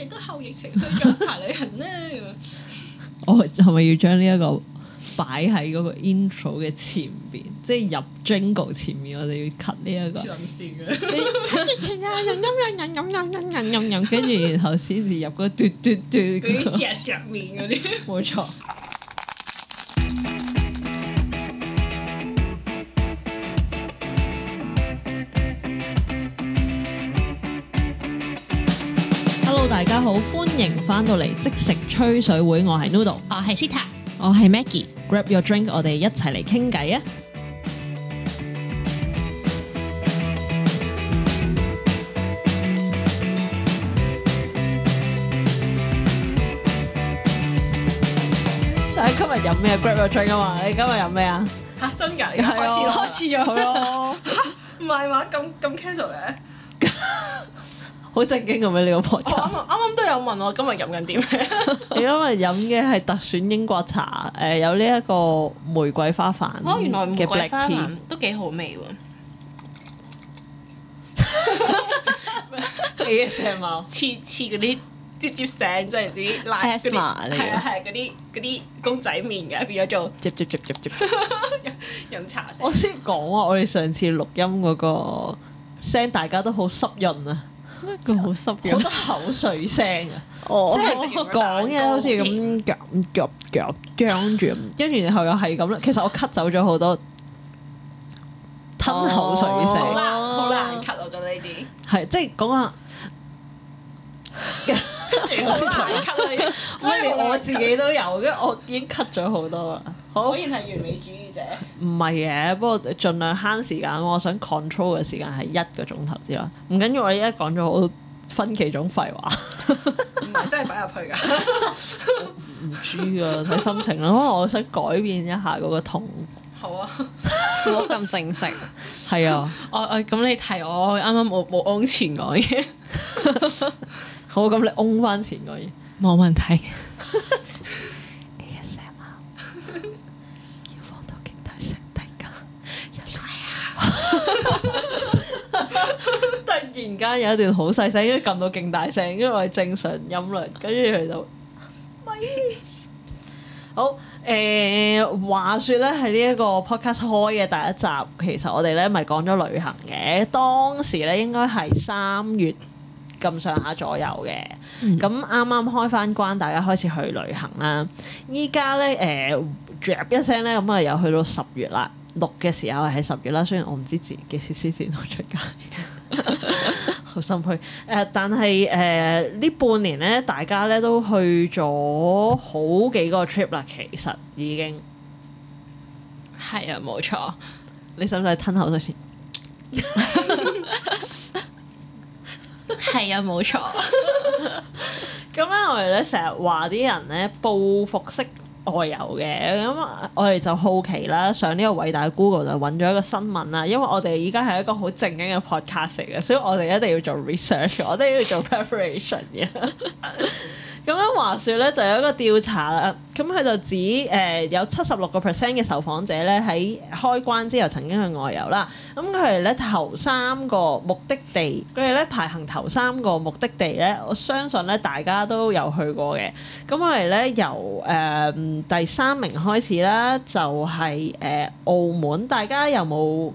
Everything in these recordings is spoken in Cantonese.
亦都後疫情去再排旅行咧、 就係，我係咪要將呢一個擺喺嗰個 intro 嘅前邊，即係入 jingle 前面我哋要 cut 呢、這、一個。黐撚線嘅，疫情啊，人飲啊，人飲飲人飲飲，跟住然後先至入個嘟嘟嘟嗰啲。冇錯。大家好，歡迎翻到嚟即食吹水會，我係 Noodle，我係 Zita，我係 Maggie，Grab your drink，我哋一齊嚟傾偈啊！但係今日飲咩？Grab your drink 啊嘛！你今日飲咩啊？吓，真㗎？開始開始咗咯？吓，唔係嘛？咁咁 casual 嘅？ 好正經咁樣你老婆。o 啱啱都有問我今日飲緊啲咩？我今日飲嘅係特選英國茶，誒有呢一個玫瑰花瓣。Oh, 原來玫瑰花瓣都幾好味喎！你嘅黐黐似似嗰啲接接聲，即係啲拉絲，係係嗰啲嗰啲公仔麵嘅變咗做接接接接接飲茶聲。我先講啊，我哋上次錄音嗰個聲，大家都好濕潤啊！咁好濕嘅，好多口水聲啊、哦！即係講嘢好似咁夾夾夾僵住，跟住、嗯、然後又係咁啦。其實我咳走咗好多吞口水聲，好難咳。我覺得呢啲係即係講下，跟住好似重咳你，所以我自己都有，因為我已經咳咗好多啦。我依好然係完美主義者。唔係嘅，不過盡量慳時間。我想 control 嘅時間係一個鐘頭之內。唔緊要，我依家講咗好分幾種廢話，唔 係真係擺入去㗎。唔 知啊，睇心情啦。可能 我想改變一下嗰個 tone。好啊，唔好咁正式。係 啊，我我咁你提我啱啱冇冇 on 前嘢。剛剛 好，咁你 on 翻前嗰嘢。冇問題。 突然間有一段好細聲，因為撳到勁大聲，因為正常音量，跟住佢就咪 好誒、呃、話説咧，係呢一個 podcast 開嘅第一集，其實我哋咧咪講咗旅行嘅，當時咧應該係三月咁上下左右嘅，咁啱啱開翻關，大家開始去旅行啦。依家咧 drop 一聲咧，咁啊又去到十月啦，錄嘅時候係十月啦，雖然我唔知自己幾時先先出街。好心虛誒，但係誒呢半年咧，大家咧都去咗好幾個 trip 啦，其實已經係 啊，冇錯。你使唔使吞口水先？係 啊，冇錯。咁咧，我哋咧成日話啲人咧報復式。我有嘅咁，我哋就好奇啦。上呢個偉大嘅 Google 就揾咗一個新聞啦。因為我哋而家係一個好正經嘅 podcast 嚟嘅，所以我哋一定要做 research， 我哋一定要做 preparation 嘅。 咁樣話説咧，就有一個調查啦。咁佢就指誒有七十六個 percent 嘅受訪者咧，喺開關之後曾經去外遊啦。咁佢哋咧頭三個目的地，佢哋咧排行頭三個目的地咧，我相信咧大家都有去過嘅。咁我哋咧由誒、呃、第三名開始啦，就係、是、誒、呃、澳門，大家有冇？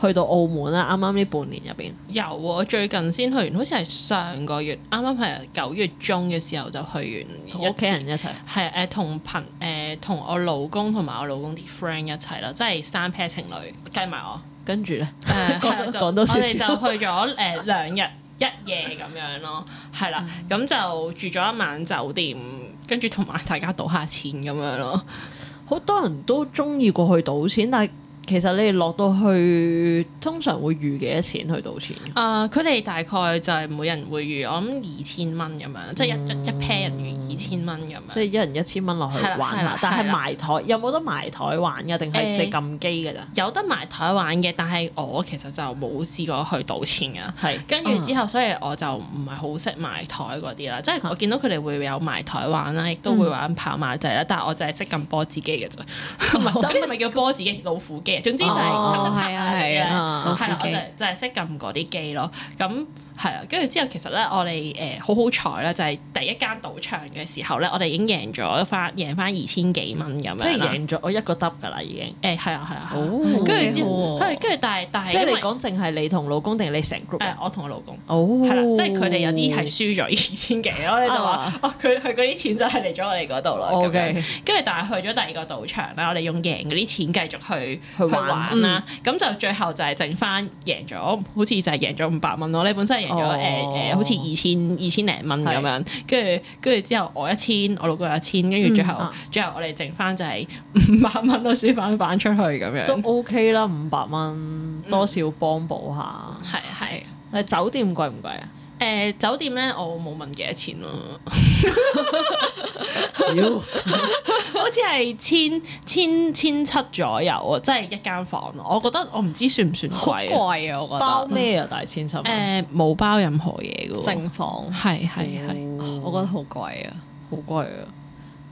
去到澳門啦、啊！啱啱呢半年入邊有我、啊、最近先去完，好似係上個月啱啱係九月中嘅時候就去完，同屋企人一齊。係誒，同朋誒，同我老公同埋我老公啲 friend 一齊啦，即係三 pair 情侶計埋我。跟住咧，我哋就去咗誒、呃、 兩日一夜咁樣咯。係啦、啊，咁就住咗一晚酒店，跟住同埋大家賭下錢咁樣咯。好多人都鍾意過去賭錢，但係，其實你哋落到去通常會預幾多錢去賭錢？誒，佢哋大概就係每人會預我諗二千蚊咁樣，即係一一 pair 人預二千蚊咁樣。即係一人一千蚊落去玩，但係埋台有冇得埋台玩噶？定係只撳機㗎咋？有得埋台玩嘅，但係我其實就冇試過去賭錢㗎。跟住之後，所以我就唔係好識埋台嗰啲啦。即係我見到佢哋會有埋台玩啦，亦都會玩跑馬仔啦。但係我就係識撳波子機嘅啫。咁係咪叫波子機老虎機？總之就係測測測嗰啲，係啦、哦，啊、就就係識撳嗰啲機咯，咁。係啊，跟住之後其實咧，我哋誒好好彩啦，就係第一間賭場嘅時候咧，我哋已經贏咗翻贏翻二千幾蚊咁樣。即係贏咗我一個得㗎啦，已經。誒係啊係啊。跟住之後，跟住但係但係。即係你講，淨係你同老公定你成 group？我同我老公。哦。係啦，即係佢哋有啲係輸咗二千幾咯，你就話，佢佢嗰啲錢就係嚟咗我哋嗰度啦。OK。跟住但係去咗第二個賭場啦，我哋用贏嗰啲錢繼續去去玩啦，咁就最後就係剩翻贏咗，好似就係贏咗五百蚊咯。你本身。咗誒誒，好似二千二千零蚊咁樣，跟住跟住之後我一千，我老公又一千，跟住最後最後，嗯啊、最後我哋剩翻就係五百蚊都輸翻返出去咁樣，都 OK 啦，五百蚊多少幫補下，係係誒酒店貴唔貴啊？誒、呃、酒店咧，我冇問幾多錢咯， 哎、呦 好似係千千千七左右啊，即係一間房。我覺得我唔知算唔算貴啊，貴啊，我覺得包咩啊？嗯、大千七蚊冇包任何嘢嘅正房，係係係，我覺得好貴啊，好貴啊。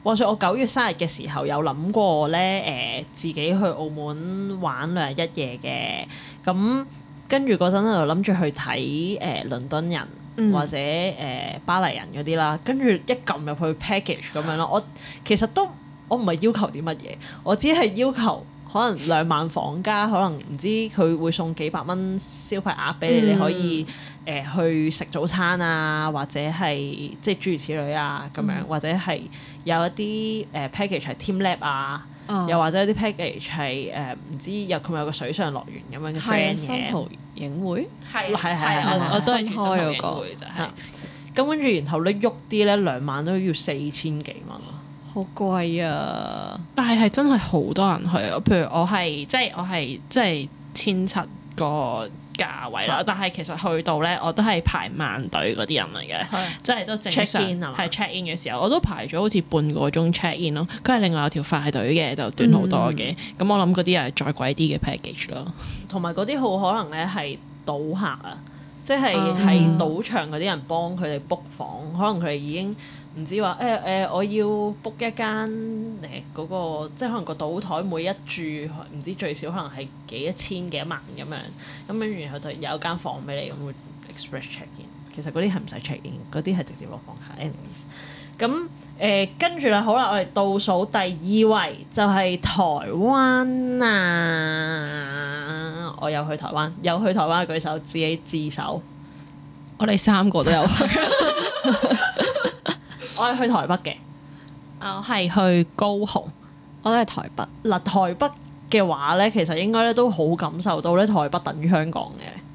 話說我九月生日嘅時候有諗過咧，誒、呃、自己去澳門玩兩日一夜嘅咁。跟住嗰陣咧，就諗住去睇誒倫敦人或者誒、呃、巴黎人嗰啲啦。跟住一撳入去 package 咁樣咯。我其實都我唔係要求啲乜嘢，我只係要求可能兩晚房加，可能唔知佢會送幾百蚊消費額俾你，嗯、你可以誒、呃、去食早餐啊，或者係即係諸如此類啊咁樣，嗯、或者係有一啲誒 package 係 teamLab 啊。又或者啲 package 係誒唔知又佢咪有個水上樂園咁樣嘅 f 影會係係係我都唔開嗰個就係、係。咁跟住然後咧喐啲咧兩晚都要四千幾蚊，好貴啊！但係係真係好多人去啊！譬如我係即係我係即係千七個。價位咯，但係其實去到咧，我都係排慢隊嗰啲人嚟嘅，即係都正常。係 check in 嘅時候，我都排咗好似半個鐘 check in 咯。佢係另外有條快隊嘅，就短好多嘅。咁、嗯、我諗嗰啲係再貴啲嘅 package 咯。同埋嗰啲好可能咧係賭客啊，即係係賭場嗰啲人幫佢哋 book 房，嗯、可能佢哋已經。唔知話誒誒，我要 book 一間誒嗰個，即係可能個賭台每一住唔知最少可能係幾一千幾一萬咁樣，咁樣然後就有間房俾你咁會 express check in。其實嗰啲係唔使 check in，嗰啲係直接攞房卡。咁誒，跟住啦，好啦，我哋倒數第二位就係台灣啊！我有去台灣，有去台灣，舉手自己自首。 我哋三個都有去。 我係去台北嘅，我係去高雄，我都係台北。嗱，台北嘅話咧，其實應該咧都好感受到咧，台北等於香港嘅。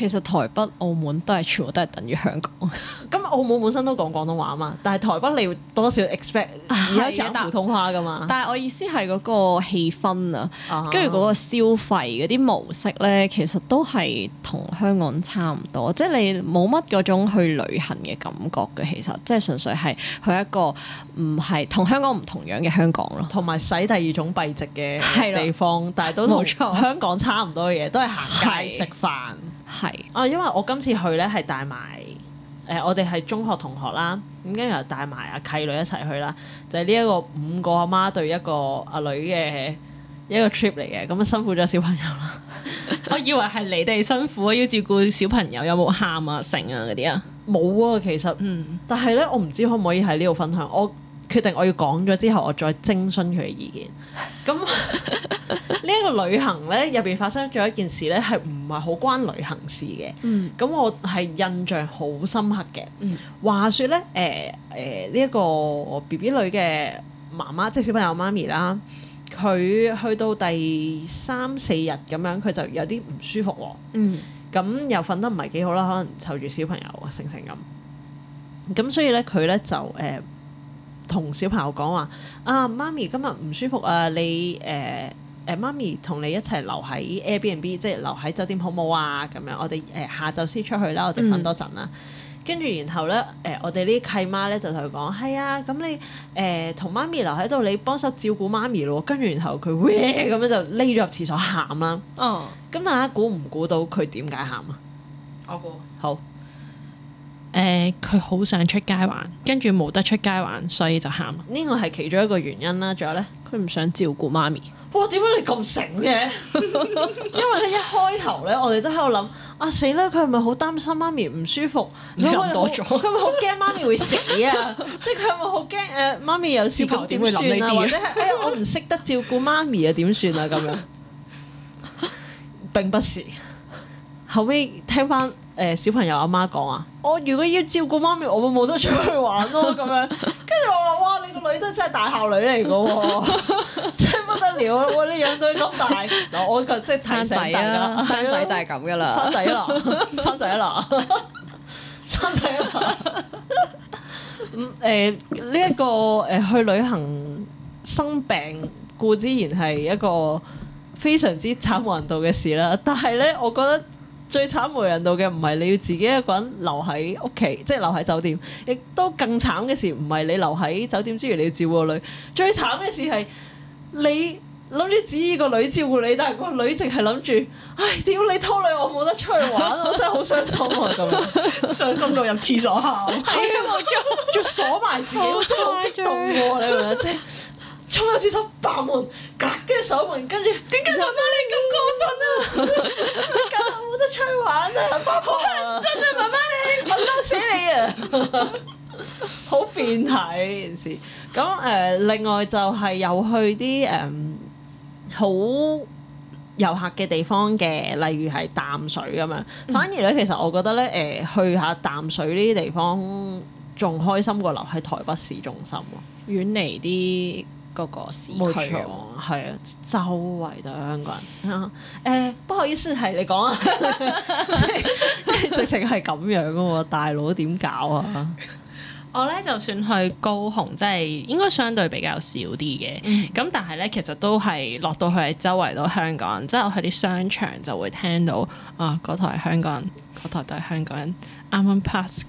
其實台北、澳門都係全部都係等於香港。咁澳門本身都講廣東話啊嘛，但係台北你多少 expect 而家講普通話㗎嘛？但係我意思係嗰個氣氛啊，跟住嗰個消費嗰啲模式咧，其實都係同香港差唔多。即係你冇乜嗰種去旅行嘅感覺嘅，其實即係純粹係去一個唔係同香港唔同樣嘅香港咯。同埋使第二種幣值嘅地方，的但係都冇錯香港差唔多嘅嘢，都係行街食飯。係，哦是、啊，因為我今次去咧係帶埋，誒、呃，我哋係中學同學啦，咁跟住又帶埋阿契女一齊去啦，就係呢一個五個阿媽,媽對一個阿女嘅一個 trip 嚟嘅，咁辛苦咗小朋友啦。 我以為係你哋辛苦，要照顧小朋友，有冇喊啊、醒啊嗰啲啊？冇啊，其實，嗯，但係咧，我唔知可唔可以喺呢度分享我。決定我要講咗之後，我再徵詢佢嘅意見。咁呢一個旅行咧，入邊發生咗一件事咧，係唔係好關旅行事嘅？嗯。咁我係印象好深刻嘅。嗯。話說咧，誒誒呢一個 BB 女嘅媽媽，即係小朋友媽咪啦，佢去到第三四日咁樣，佢就有啲唔舒服喎。嗯。咁、嗯、又瞓得唔係幾好啦，可能湊住小朋友啊，成成咁。咁所以咧，佢咧就誒。呃同小朋友講話啊，媽咪今日唔舒服啊，你誒誒、呃呃、媽咪同你一齊留喺 Airbnb，即係留喺酒店好冇啊？咁樣我哋誒、呃、下晝先出去啦，我哋瞓多陣啦。跟住、嗯、然後咧誒、呃，我哋呢啲契媽咧就同佢講係啊，咁、哎、你誒同媽咪留喺度，你幫手照顧媽咪咯。跟住然後佢咩咁樣就匿咗入廁所喊啦。哦，咁大家估唔估到佢點解喊啊？我估猜好。誒佢好想出街玩，跟住冇得出街玩，所以就喊。呢個係其中一個原因啦。仲有咧，佢唔想照顧媽咪。哇！點解你咁醒嘅？ 因為咧一開頭咧，我哋都喺度諗啊死啦！佢係咪好擔心媽咪唔舒服？人多咗，係咪好驚媽咪會死啊？ 即係佢係咪好驚誒媽咪有小朋友點算啊？或 者係誒、哎、我唔識得照顧媽咪啊？點算啊？咁樣並不是。後尾聽翻。誒小朋友阿媽講啊，我如果要照顧媽咪，我會冇得出去玩咯、啊、咁樣。跟住我話：哇，你個女都真係大孝女嚟噶喎，真係 不得了喎！你養到咁大，嗱，我個即係生仔啊，仔、哎、呀生仔就係咁噶啦，生仔啦，生仔啦，生仔啦。咁呢一個誒、呃、去旅行生病，固之然係一個非常之慘無人道嘅事啦，但係咧，我覺得。最慘無人道嘅唔係你要自己一個人留喺屋企，即係留喺酒店，亦都更慘嘅事唔係你留喺酒店之餘你要照顧個女，最慘嘅事係你諗住指意個女照顧你，但係個女淨係諗住唉，屌你拖累我冇得出去玩，我真係好傷心啊！咁 傷心到入廁所喊，係啊，仲仲鎖埋自己，我真係好激動喎！你明唔明即？ 沖咗廁所，把門，夾啲手門，跟住，點解媽媽你咁過分啊？咁我冇得出去玩啊！爸爸，好乞人憎啊，媽媽你我都死你啊！好變態呢件事。咁誒，另外就係有去啲誒好遊客嘅地方嘅，例如係淡水咁樣。反而咧，其實我覺得咧，誒去下淡水呢啲地方，仲開心過留喺台北市中心咯，遠離啲。個個市區啊，係啊，周圍都係香港人。誒，不好意思，係你講啊，直情係咁樣喎，大佬點搞啊？我咧就算去高雄，即係應該相對比較少啲嘅。咁但係咧，其實都係落到去周圍都香港人。即係去啲商場就會聽到啊，嗰台香港人，嗰台都係香港人，啱啱 pass。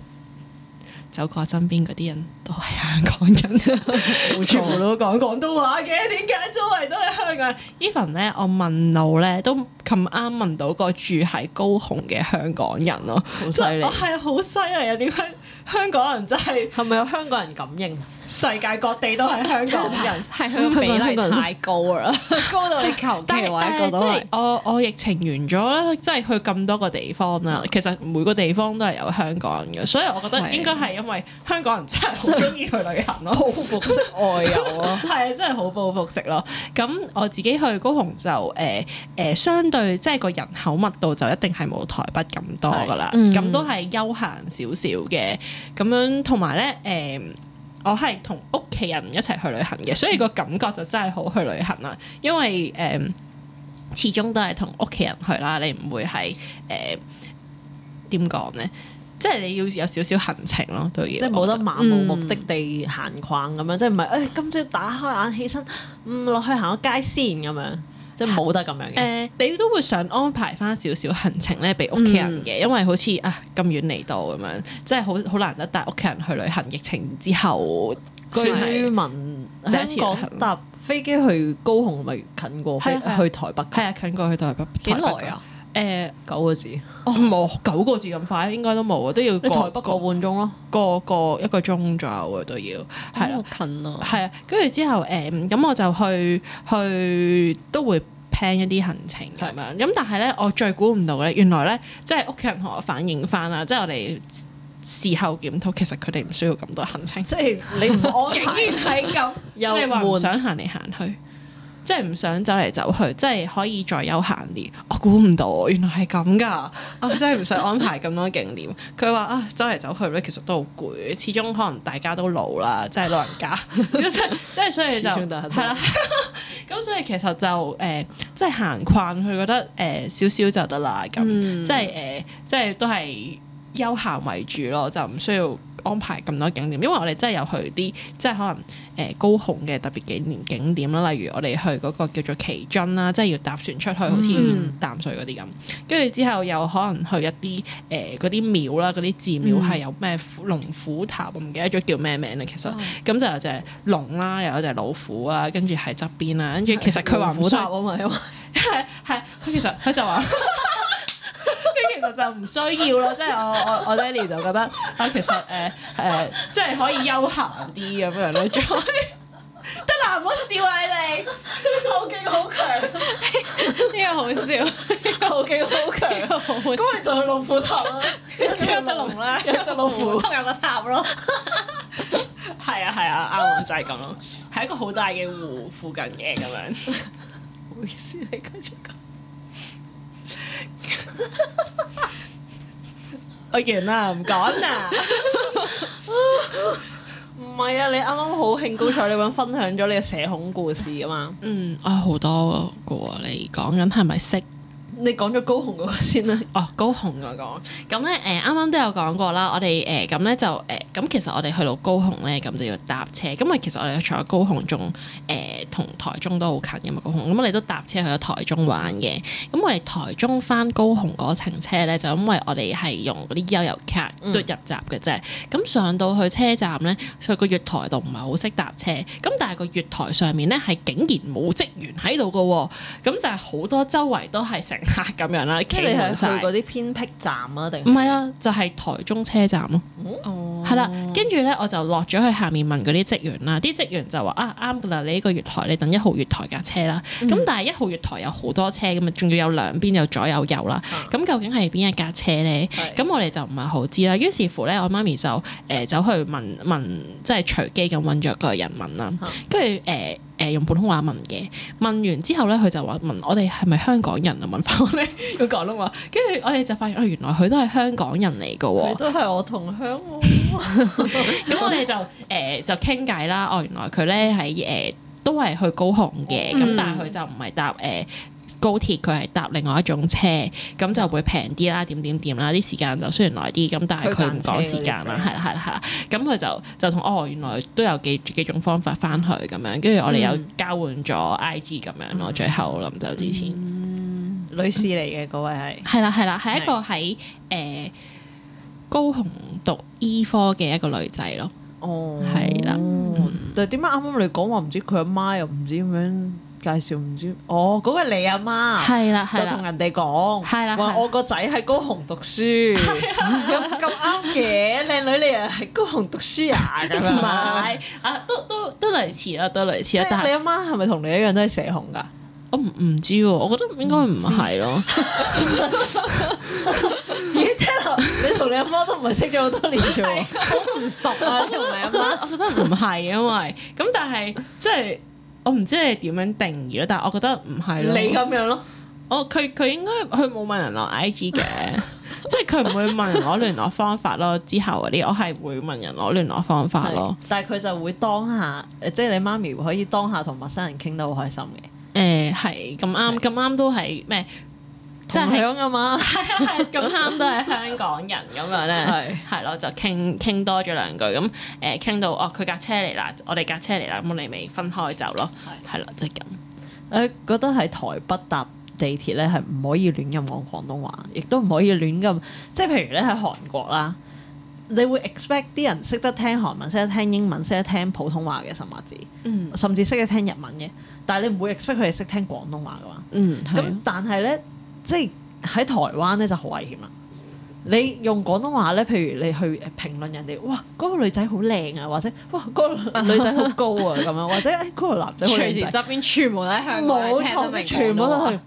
走過身邊嗰啲人都係香港人，冇錯 全部 都講廣東話嘅，點解周圍都係香港人？Even 人咧，我問路咧，都咁啱問到個住喺高雄嘅香港人咯， 好犀利！我係好犀利啊！點解香港人真係係咪有香港人感應？世界各地都係香港人，係香港比例太高啦，高到地球都壞咗都係。我我疫情完咗啦，即係去咁多個地方啦。其實每個地方都係有香港人嘅，所以我覺得應該係因為香港人真係好鍾意去旅行咯，好報復式外遊咯，係啊，真係好報復式咯。咁我自己去高雄就誒誒，相對即係個人口密度就一定係冇台北咁多噶啦，咁都係休閒少少嘅咁樣，同埋咧誒。我係同屋企人一齊去旅行嘅，所以個感覺就真係好去旅行啦。因為誒、嗯，始終都係同屋企人去啦，你唔會係誒點講咧，即、嗯、係、就是、你要有少少行程咯，對，即係冇得漫無目的地閒逛咁樣，即係唔係誒今朝打開眼起身，唔、嗯、落去行個街先咁樣。即冇得咁樣嘅。誒，呃、你都會想安排翻少少行程咧，俾屋企人嘅，因為好似啊咁遠嚟到咁樣，即係好好難得帶屋企人去旅行。疫情之後，據聞第一次搭飛機去高雄咪近過，啊、去台北。係啊，近過去台北。幾耐啊？誒、呃、九個字，哦，冇、嗯、九個字咁快，應該都冇啊，都要台北個半鐘咯，啊，個個一個鐘左右嘅都要，係啦，近咯。係啊，跟住，啊、之後誒，咁、嗯、我就去去都會 plan 一啲行程，係咪咁？但係咧，我最估唔到咧，原來咧，即係屋企人同我反映翻啦，即係我哋事後檢討，其實佢哋唔需要咁多行程，即係你我 竟然係咁，又話悶 想行嚟行去。即係唔想走嚟走去，即係可以再休閒啲。我估唔到，原來係咁噶。啊，真係唔使安排咁多景點。佢話啊，走嚟走去咧，其實都好攰。始終可能大家都老啦，即係老人家。 即係所以就係啦。咁 所以其實就誒、呃，即係行逛，逛，佢覺得誒、呃、少少就得啦。咁、嗯、即係誒、呃，即係都係。休閒為主咯，就唔需要安排咁多景點，因為我哋真係有去啲即係可能誒高雄嘅特別景點啦，例如我哋去嗰個叫做旗津啦，即係要搭船出去，好似淡水嗰啲咁。跟住、嗯、之後又可能去一啲誒嗰啲廟啦，嗰啲寺廟係有咩虎龍虎塔，我唔記得咗叫咩名啦。其實咁、哦、就就係龍啦，又有隻老虎啊，跟住喺側邊啦。跟住其實佢話虎塔啊嘛，因為係係佢其實佢就話。 你其實就唔需要咯，即、就、係、是、我我我爹 a 就覺得啊，其實誒誒，即、呃、係、呃、可以休閒啲咁樣咯，再得唔、 啊、 好笑係你，頭頸好強，呢個好笑，頭頸好強啊， 好笑。咁咪就去老虎塔咯， 一隻龍啦，一隻老虎，仲有個塔咯，係啊係啊，啱、啊、就係咁咯，係一個好大嘅湖附近嘅咁樣，唔 好意思你繼續講。 我完啦，唔講啦，唔 係 啊，啊！你啱啱好興高采烈咁分享咗你嘅社恐故事啊嘛，嗯，啊好多個，你講緊係咪識？是你講咗高雄嗰個先啦。哦，高雄我講、那個。咁咧，誒啱啱都有講過啦。我哋誒咁咧就誒咁、呃，其實我哋去到高雄咧，咁就要搭車。咁啊，其實我哋除咗高雄仲誒同台中都好近㗎嘛，高雄。咁我哋都搭車去咗台中玩嘅。咁、嗯、我哋台中返高雄嗰程車咧，就因為我哋係用嗰啲悠遊卡嘟入閘嘅啫。咁、嗯、上到去車站咧，佢個月台度唔係好識搭車。咁但係個月台上面咧係竟然冇職員喺度㗎喎。咁就係好多周圍都係成。咁 樣啦，跟住係去嗰啲偏僻站啊，定唔係啊？就係、是、台中車站咯，係啦、嗯。跟住咧，我就落咗去下面問嗰啲職員啦。啲職員就話啊，啱噶啦，你呢個月台你等一號月台架車啦。咁、嗯、但係一號月台有好多車，咁啊仲要有兩邊有左右右啦。咁、啊、究竟係邊一架車咧？咁是我哋就唔係好知啦。於是乎咧，我媽咪就誒走、呃、去問問，即係隨機咁揾咗個人問啦。跟住誒誒用普通話問嘅。問完之後咧，佢就話問我哋係咪香港人啊？問翻。 我講咯嘛，跟住我哋就發現，哦、啊， 原來佢都係香港人嚟噶，都係我同鄉咯。咁我哋就誒就傾偈啦。哦，原來佢咧喺誒都係去高雄嘅，咁、嗯、但係佢就唔係搭誒高鐵，佢係搭另外一種車，咁、嗯、就會平啲啦，點點點啦，啲時間就雖然耐啲，咁但係佢唔講時間啦，係啦係啦係啦。咁佢、嗯、就就同哦，原來都有幾幾種方法翻去咁樣，跟住我哋又交換咗 IG 咁樣咯。最後臨走之前。嗯嗯女士嚟嘅嗰位係，係啦係啦，係一個喺誒高雄讀醫科嘅一個女仔咯。哦，係啦。但係點解啱啱你講話唔知佢阿媽又唔知點樣介紹，唔知哦，嗰個你阿媽係啦，就同人哋講，話我個仔喺高雄讀書，咁啱嘅。靚女你又喺高雄讀書啊？唔係啊，都都都類似啦，都類似啦。但係你阿媽係咪同你一樣都係社恐噶？我唔唔知喎，我覺得應該唔係咯。咦聽落，你同你阿媽，媽都唔係識咗好多年咗，好唔 熟啊，呢個唔阿媽，媽我，我覺得唔係，因為咁但係即係我唔知你點樣定義咯，但係我覺得唔係咯。你咁樣咯？我佢佢應該佢冇問人攞 IG 嘅，即係佢唔會問人攞聯絡方法咯。之後嗰啲我係會問人攞聯絡方法咯。但係佢就會當下，即係你媽咪可以當下同陌生人傾得好開心嘅。誒係咁啱，咁啱、呃、的都係咩？真、就是、同樣啊嘛， 係啊係，咁啱都係香港人咁樣咧，係係咯，就傾傾多咗兩句咁，誒傾到哦，佢架車嚟啦，我哋架車嚟啦，咁你咪分開走咯，係係啦，就係、是、咁。我、呃、覺得喺台北搭地鐵咧，係唔可以亂咁講廣東話，亦都唔可以亂咁，即係譬如咧喺韓國啦。你會 expect 啲人識得聽韓文、識得聽英文、識得聽普通話嘅神話字，甚至識得聽日文嘅，但係你唔會 expect 佢哋識聽廣東話噶嘛。咁、嗯、但係呢，即係喺台灣呢就好危險啦。你用廣東話呢，譬如你去評論人哋，哇嗰、那個女仔好靚啊，或者哇嗰、那個女仔好高啊，咁樣 或者誒嗰個男仔，隨時側邊全部冇錯，全部都係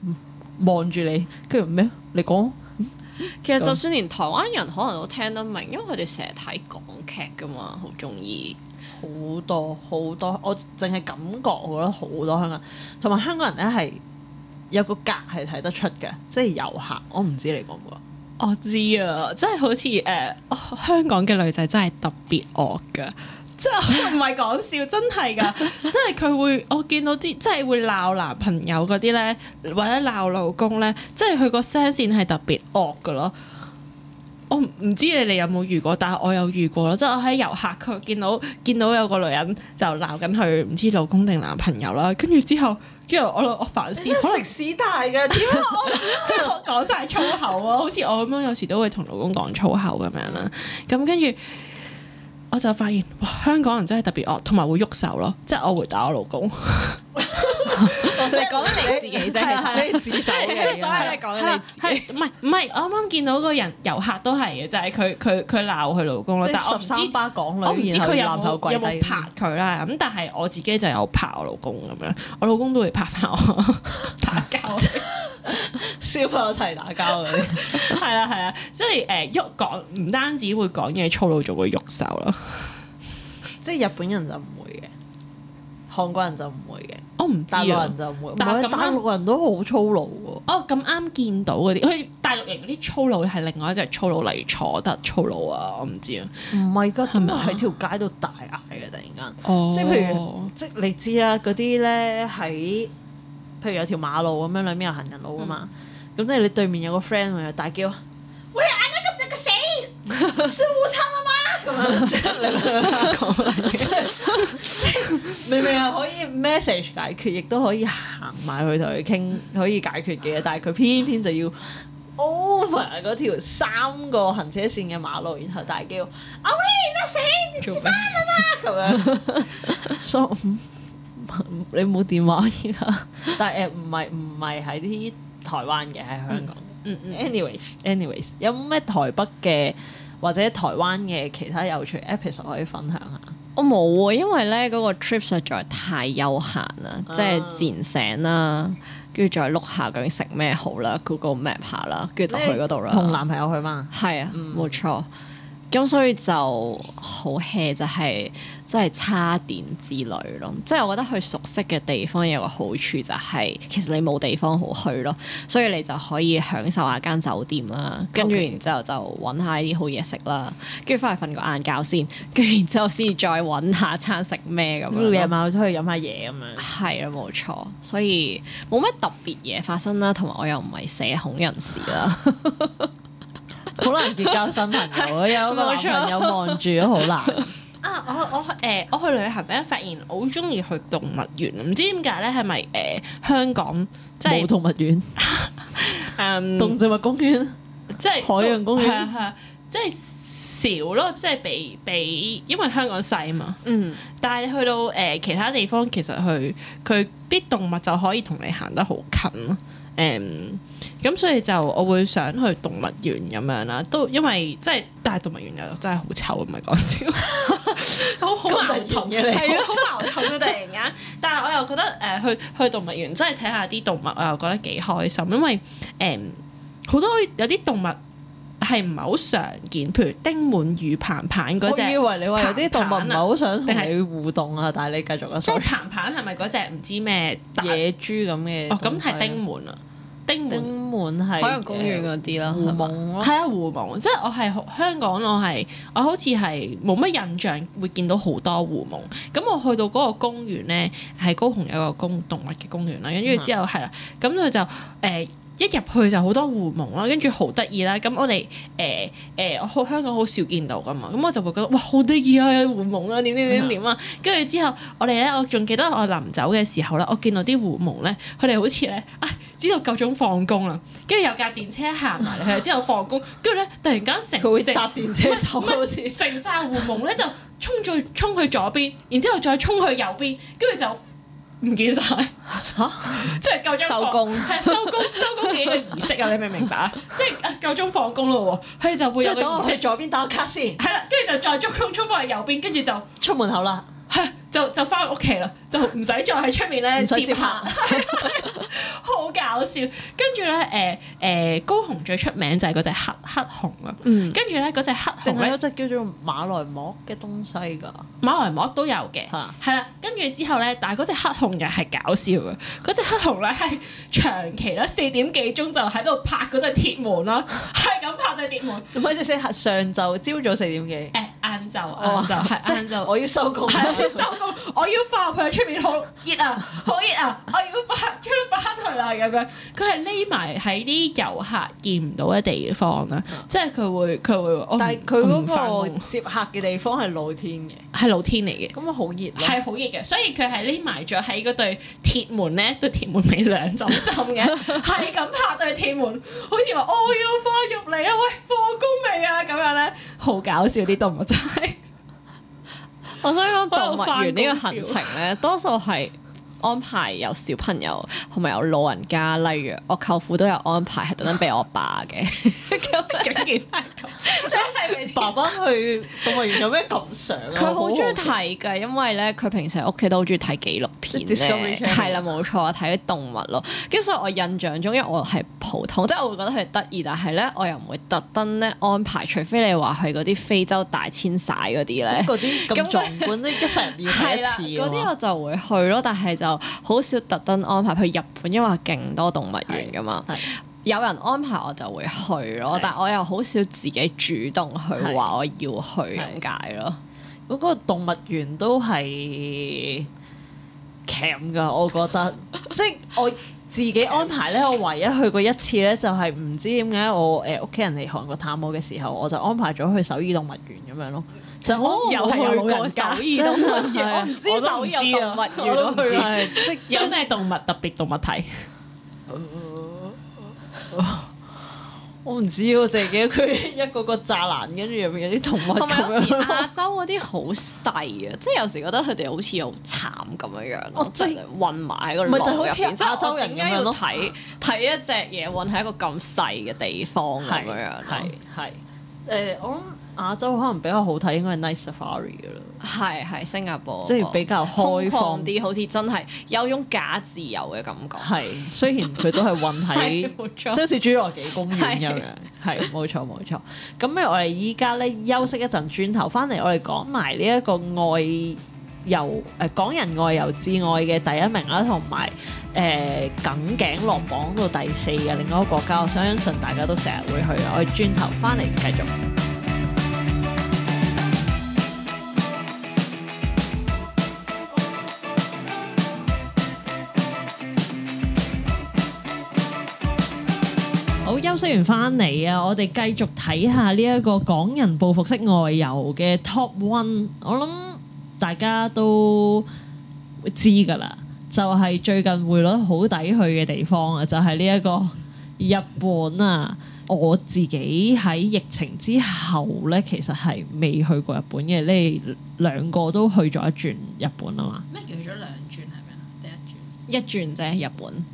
望住你，跟住咩？你講。其實就算連台灣人可能都聽得明，因為佢哋成日睇港劇㗎嘛，好鍾意好多好多。我淨係感覺我覺得好多香港人，同埋香港人咧係有個格係睇得出嘅，即係遊客。我唔知你講唔講？我知啊，即係好似誒，呃、香港嘅女仔真係特別惡㗎。即係唔係講笑，真係噶，即係佢會，我見到啲即係會鬧男朋友嗰啲咧，或者鬧老公咧，即係佢個聲線係特別惡噶咯。我唔知你哋有冇遇過？但係我有遇過咯。即係我喺遊客區見到見到有個女人就鬧緊佢，唔知老公定男朋友啦。跟住之後，跟住我我反思，食屎大嘅點啊！我即係我講晒粗口啊， 好似我咁樣，有時都會同老公講粗口咁樣啦。咁跟住。我就發現，哇！香港人真係特別惡，同埋會喐手咯，即係我會打我老公。 你講緊你自己啫，你自細即係所以你講緊你，唔係唔係。我啱啱見到個人遊客都係嘅，就係佢佢佢鬧佢老公咯。但係我唔知港女，我唔知佢有冇有冇拍佢啦。咁但係我自己就有拍我老公咁樣，我老公都會拍拍我打交，小朋友一齊打交嗰啲。係啊係啊，即係誒喐講，唔、呃、單止會講嘢粗魯，做會喐手咯。即係日本人就唔會嘅，韓國人就唔會嘅。我唔、哦、知啊，但係大、啊、陸人都好粗魯喎、啊。哦，咁啱見到嗰啲，佢大陸人嗰啲粗魯係另外一隻粗魯嚟，坐得粗魯啊！我唔知啊，唔係㗎，係咪啊喺條街度大嗌嘅突然間，哦、即係譬如，即係你知啦，嗰啲咧喺，譬如有條馬路咁樣，兩邊有行人路噶嘛，咁、嗯、即係你對面有個 friend 又大叫。喂是互親啊嘛，咁樣即係你講啦，明明係可以 message 解決，亦都可以行埋去同佢傾，可以解決嘅。但係佢偏偏就要 over 嗰條三個行車線嘅馬路，然後大叫：阿威，你死你死班啊嘛！咁樣，所以你冇電話而家，但係唔係唔係喺啲台灣嘅，喺香港。嗯。嗯嗯，anyways，anyways，有咩台北嘅或者台灣嘅其他有趣 episode 可以分享下？我冇啊，因為咧嗰、那個 trip 實、啊、在太悠閒啦，啊、即係、啊、自然醒啦，跟住再碌下究竟食咩好啦，Google Map 下啦，跟住就去嗰度啦。同男朋友去嘛？係啊，冇錯。嗯咁所以就好 hea，就係真係差點之類咯。即係我覺得去熟悉嘅地方有個好處就係，其實你冇地方好去咯，所以你就可以享受下間酒店啦。跟住騙然之後就揾下啲好嘢食啦，跟住翻去瞓個晏覺先。跟住然之後先再揾下餐食咩咁樣，夜晚出去飲下嘢咁樣。係啊，冇錯，所以冇乜特別嘢發生啦。同埋我又唔係社恐人士啦。 好難結交新朋友，有冇朋友望住都好難。 啊！我我誒、呃，我去旅行咧，發現我好中意去動物園，唔知點解咧？係咪誒香港即係、就是、動物園？嗯， 動植物公園，即係是海洋公園，係係，即係、就是、少咯，即、就、係、是、比比，因為香港細嘛。嗯，但係去到誒、呃、其他地方，其實佢佢啲動物就可以同你行得好近咯。誒、嗯。咁所以就我會想去動物園咁樣啦，都因為即係，但係動物園又真係好醜，唔係講笑，好好矛盾嘅嚟，係咯，好矛盾嘅突然間，但係我又覺得誒，去去動物園真係睇下啲動物，我又覺得幾開心，因為誒好多有啲動物係唔係好常見，譬如丁滿與彭彭嗰隻，以為你話有啲動物唔係好想同你互動啊，但係你繼續啦，即係彭彭係咪嗰隻唔知咩野豬咁嘅？哦，咁係丁滿啊。丁滿係海洋公園嗰啲咯，狐獴咯，係啊，狐獴。即係我係香港，我係我好似係冇乜印象會見到好多狐獴。咁我去到嗰個公園咧，係高雄有個公動物嘅公園啦。跟住之後係啦，咁佢的就誒、呃、一入去就好多狐獴啦，跟住好得意啦。咁我哋誒誒，我、呃、好、呃、香港好少見到噶嘛。咁我就會覺得哇，好得意啊，有狐獴啊，點點點點啊。跟住之後我呢，我哋咧，我仲記得我臨走嘅時候咧，我見到啲狐獴咧，佢哋好似咧。知道夠鐘放工啦，跟住有架電車行埋嚟，之後放工，跟住咧突然間成佢會搭電車走，城寨狐夢咧就衝住衝去左邊，然之後再衝去右邊，跟住就唔見曬嚇，即係夠鐘收工，收工收工幾個儀式啊，你明唔明白啊？即係夠鐘放工啦喎，佢就會有個儀式左邊打卡先，係啦，跟住就再中空衝翻去右邊，跟住就出門口啦。就就翻屋企啦，就唔使再喺出面咧接拍，好搞笑。跟住咧，誒誒高雄最出名就係嗰隻黑黑熊啦。跟住咧嗰隻黑熊咧，有隻叫做馬來貘嘅東西噶。馬來貘都有嘅，係啦。跟住之後咧，但係嗰隻黑熊又係搞笑嘅。嗰隻黑熊咧係長期咧四點幾鐘就喺度拍嗰隻鐵門啦，係咁拍隻鐵門。唔係，即係上晝朝早四點幾？誒，晏晝晏晝晏晝，我要收工我要翻入去出面好熱啊，好熱啊！我要翻，要翻去啦咁樣。佢係匿埋喺啲遊客見唔到嘅地方啊。即係佢會佢會。但係佢嗰個接客嘅地方係露天嘅，係露天嚟嘅。咁咪好熱，係好熱嘅。所以佢係匿埋咗喺嗰對鐵門咧，都鐵門尾兩針浸嘅，係咁 拍對鐵門，好似話我要翻入嚟啊！喂，放工未啊？咁樣咧，好搞笑啲動物真係。 我想講動物園呢個行程咧，多數係，安排有小朋友同埋有老人家，例如我舅父都有安排，係特登俾我爸嘅。竟然係咁，爸爸去動物園有咩感想？佢好中意睇嘅，因為咧佢平時喺屋企都好中意睇紀錄片咧。係啦，冇 錯，睇啲動物咯。跟住 所以我印象中，因為我係普通，即係我會覺得係得意，但係咧我又唔會特登咧安排，除非你話去嗰啲非洲大遷徙嗰啲咧。啲咁 壯觀 都一成二一次嗰啲 我就會去咯，但係就。好少特登安排去日本，因為勁多動物園噶嘛，有人安排我就會去咯，的但我又好少自己主動去話的我要去點解咯？的嗰個動物園都係 camp 噶，我覺得。 即係我自己安排咧，我唯一去過一次咧，就係、是、唔知點解我誒屋企人嚟韓國探我嘅時候，我就安排咗去首爾動物園咁樣咯，就、嗯哦、又係又冇人介， 對我唔知首爾動物園都去，有咩動物特別動物睇？ 我唔知喎，就係記得佢一個個柵欄，跟住入面有啲動物咁樣。同埋亞洲嗰啲好細啊，即係有時覺得佢哋好似好慘咁樣樣，即係韞埋喺個籠入邊。即係點解要睇睇一隻嘢韞喺一個咁細嘅地方咁樣樣？係係。誒我。亞洲可能比較好睇，應該係 Nice Safari 嘅咯。係係新加坡，即係比較開放啲，好似真係有種假自由嘅感覺。係雖然佢都係混喺，即係好似侏羅紀公園咁樣。係冇錯冇錯。咁不如我哋依家咧休息一陣，轉頭翻嚟我哋講埋呢一個外遊誒、呃、港人外遊之外嘅第一名啦，同埋誒梗頸落榜到第四嘅另外一個國家，我相信大家都成日會去。我哋轉頭翻嚟繼續。休息完翻嚟啊！我哋繼續睇下呢一個港人報復式外遊嘅 Top One。我諗大家都知噶啦，就係最近匯率好抵去嘅地方啊！就係呢一個日本啊！我自己喺疫情之後咧，其實係未去過日本嘅。你兩個都去咗一轉日本啊嘛？咩叫去咗兩轉係咪啊？第一轉一轉就係日本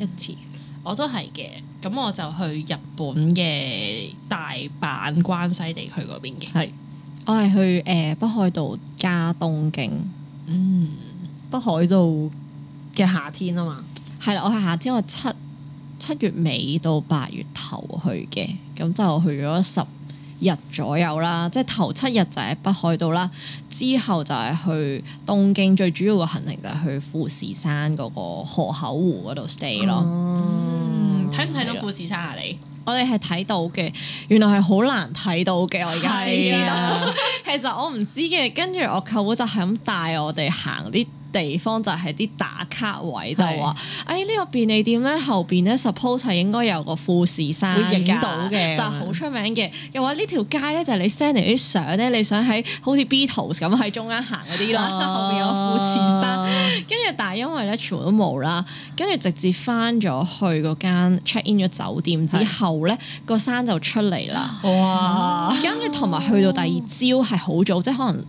一次，我都係嘅。咁我就去日本嘅大阪關西地區嗰邊嘅是，係我係去誒北海道加東京，嗯，北海道嘅夏天啊嘛，係啦，我係夏天我七七月尾到八月頭去嘅，咁就去咗十日左右啦，即係頭七日就喺北海道啦，之後就係去東京，最主要嘅行程就係去富士山嗰個河口湖嗰度 stay 咯、嗯。嗯睇唔睇到富士山啊？你，我哋係睇到嘅，原來係好難睇到嘅。我而家先知道，是啊、 其實我唔知嘅。跟住我舅父就係咁帶我哋行啲。地方就係啲打卡位就話，誒呢是、哎呢個便利店咧後邊咧 suppose 係應該有個富士山會影到嘅，就好出名嘅。又話呢條街咧就係你 send 嚟啲相咧，你想喺好似 Beatles 咁喺中間行嗰啲啦，啊、後邊有個富士山。跟住但係因為咧全部都冇啦，跟住直接翻咗去嗰間 check in 咗酒店之後咧，個是山就出嚟啦。哇！跟住同埋去到第二朝係好早，即係可能，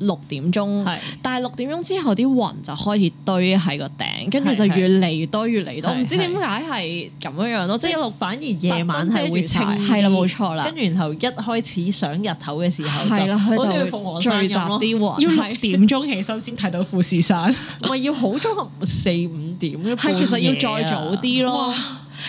六點鐘，是但係六點鐘之後啲雲就開始堆喺個頂，跟住就越嚟越，越，越多，越嚟越多。我唔知點解係咁樣樣咯，的即係是六反而夜晚係會清，係啦，冇錯啦。跟住然後一開始上日頭嘅時候，係啦，佢就會聚集啲雲。要六點鐘起身先睇到富士山，唔係要好早，四五點。係其實要再早啲咯。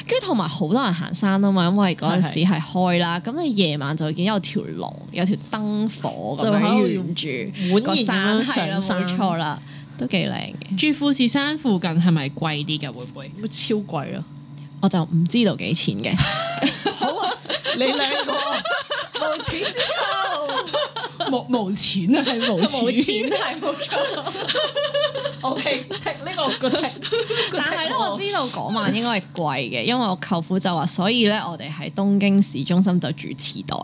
跟住同埋好多人行山啊嘛，因為嗰陣時係開啦，咁你夜晚就已經有條龍，有條燈火咁樣沿住滿山滿對上山，冇錯啦，都幾靚嘅。住富士山附近係咪貴啲嘅？會唔會？超貴咯！我就唔知道幾錢嘅。 好啊，你兩個冇、啊、 錢之後，冇冇錢啊？係冇錢，係冇。 O.K.，聽呢個覺得，但係咧我知道嗰晚應該係貴嘅，因為我舅父就話，所以咧我哋喺東京市中心就住池袋，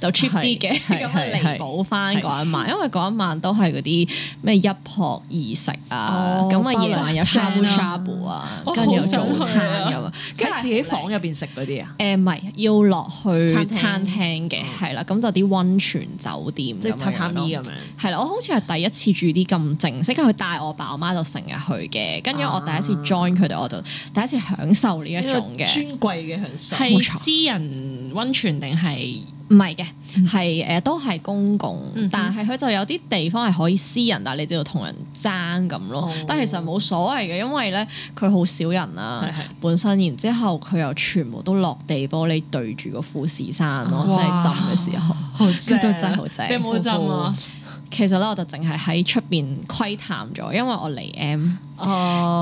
就 cheap 啲嘅，咁可以彌補翻嗰一晚，因為嗰一晚都係嗰啲咩一泊二食啊，咁啊夜晚有 shabu shabu 啊，跟住又早餐咁，跟住自己房入邊食嗰啲啊，誒唔係要落去餐廳嘅，係啦，咁就啲溫泉酒店即榻榻米咁樣，係啦，我好似係第一次住啲咁靜，即刻佢帶我媽就成日去嘅，跟住我第一次 join 佢哋，我就第一次享受呢一種嘅尊貴嘅享受，係私人溫泉定係唔係嘅，係誒都係公共，但係佢就有啲地方係可以私人，但係你知道同人爭咁咯。但係其實冇所謂嘅，因為咧佢好少人啊，本身。然之後佢又全部都落地玻璃對住個富士山咯，即係浸嘅時候，好真係真係好正。你冇浸啊！其實咧，我就淨係喺出邊窺探咗，因為我嚟 M，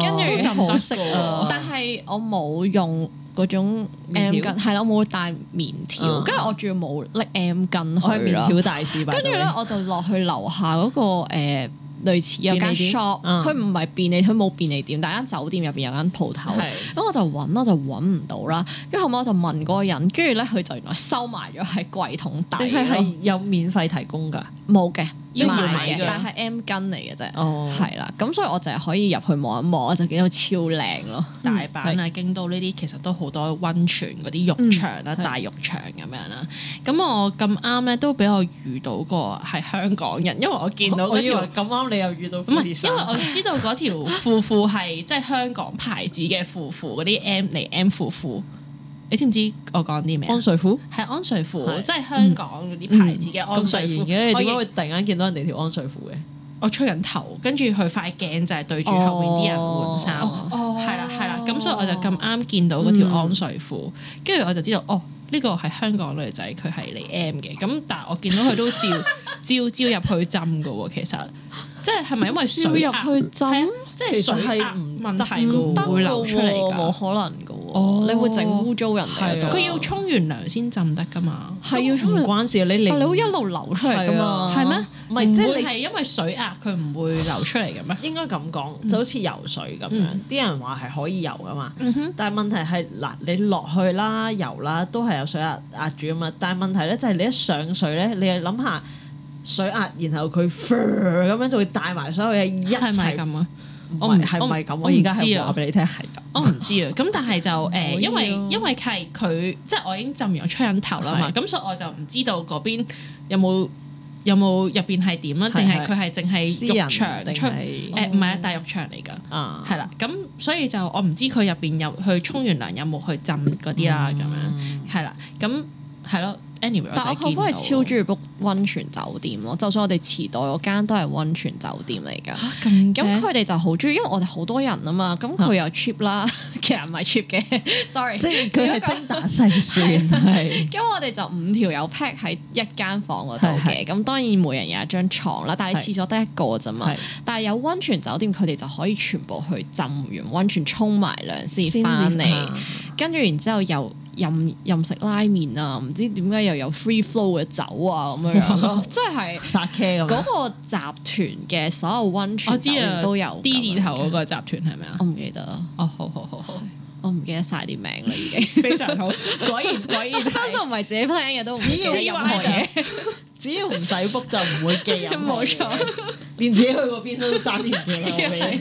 跟住就好食。著但係我冇用嗰種 M 巾條，係啦，我冇帶棉條，嗯、跟住我仲要冇拎 M 巾去啦。我係麵條大使，跟住咧我就落去樓下嗰、嗰個誒、呃、類似有間 shop，佢唔係便利，佢冇便利店，但係間酒店入邊有間鋪頭，咁我就揾，我就揾唔到啦。跟住後尾我就問嗰個人，跟住咧佢就原來收埋咗喺櫃桶底，係有免費提供㗎，冇嘅。要買嘅，但係 M 巾嚟嘅啫，哦，係啦，咁所以我就係可以入去望一望，就見到超靚咯。大阪啊、京都呢啲其實都好多溫泉嗰啲浴場啦、嗯、大浴場咁樣啦。咁是我咁啱咧都畀我遇到過係香港人，因為我見到嗰條我以為咁啱你又遇到，唔係因為我知道嗰條褲褲係即係香港牌子嘅褲褲，嗰啲 M 嚟 M 褲褲。你知唔知我講啲咩？安睡褲係安睡褲，是即係香港嗰啲牌子嘅安睡褲。咁嘅、嗯、點、嗯、解會突然間見到人哋條安睡褲嘅？我吹緊頭，跟住佢塊鏡就係對住後面啲人換衫，係啦係啦。咁、哦、所以我就咁啱見到嗰條安睡褲，跟住、嗯、我就知道，哦，呢個係香港女仔，佢係嚟 M 嘅。咁但係我見到佢都， 都照照照入去浸㗎，其實。即係係咪因為水入去浸，即係水壓唔問題㗎，唔會流出嚟㗎，冇可能㗎喎，你會整污糟人哋。佢要沖完涼先浸得㗎嘛，係要沖。唔關事，你你會一路流出嚟㗎嘛，係咩？唔你係因為水壓佢唔會流出嚟嘅咩？應該咁講，就好似游水咁樣，啲人話係可以游㗎嘛。但係問題係嗱，你落去啦、游啦，都係有水壓壓住啊嘛。但係問題咧就係你一上水咧，你又諗下。水壓，然後佢咁樣就會帶埋所有嘢一齊咁啊！我唔係我唔係咁，我而家係話俾你聽係咁。我唔知啊。咁但係就誒，因為因為係佢即係我已經浸完我出緊頭啦嘛，咁所以我就唔知道嗰邊有冇有冇入邊係點啦？定係佢係淨係浴場出誒？唔係啊，大浴場嚟噶啊，係啦。咁所以就我唔知佢入邊有去沖完涼有冇去浸嗰啲啦，咁樣係啦。咁係咯。但我舅哥係超中意 book 溫泉酒店咯，就算我哋池袋嗰間都係溫泉酒店嚟噶。咁佢哋就好中意，因為我哋好多人啊嘛，咁佢又 cheap 啦，其實唔係 cheap 嘅。sorry，即係佢係精打細算。咁我哋就五條友 pack 喺一間房嗰度嘅，咁當然每人有一張床啦。但係你廁所得一個啫嘛。但係有溫泉酒店，佢哋就可以全部去浸完溫泉，沖埋涼先翻嚟。跟住然之後又。任任食拉麵啊！唔知點解又有 free flow 嘅酒啊咁樣咯，即係殺車咁。嗰個集團嘅所有溫泉，我知都有 D 字頭嗰個集團係咪啊？我唔記得啦。哦，好好好好，我唔記得晒啲名啦，已經非常好。果然果然，真心唔係自己 plan 嘅都唔會嘅，只要唔使 book 就唔會記。冇錯，連自己去過邊都爭啲嘢攞嚟。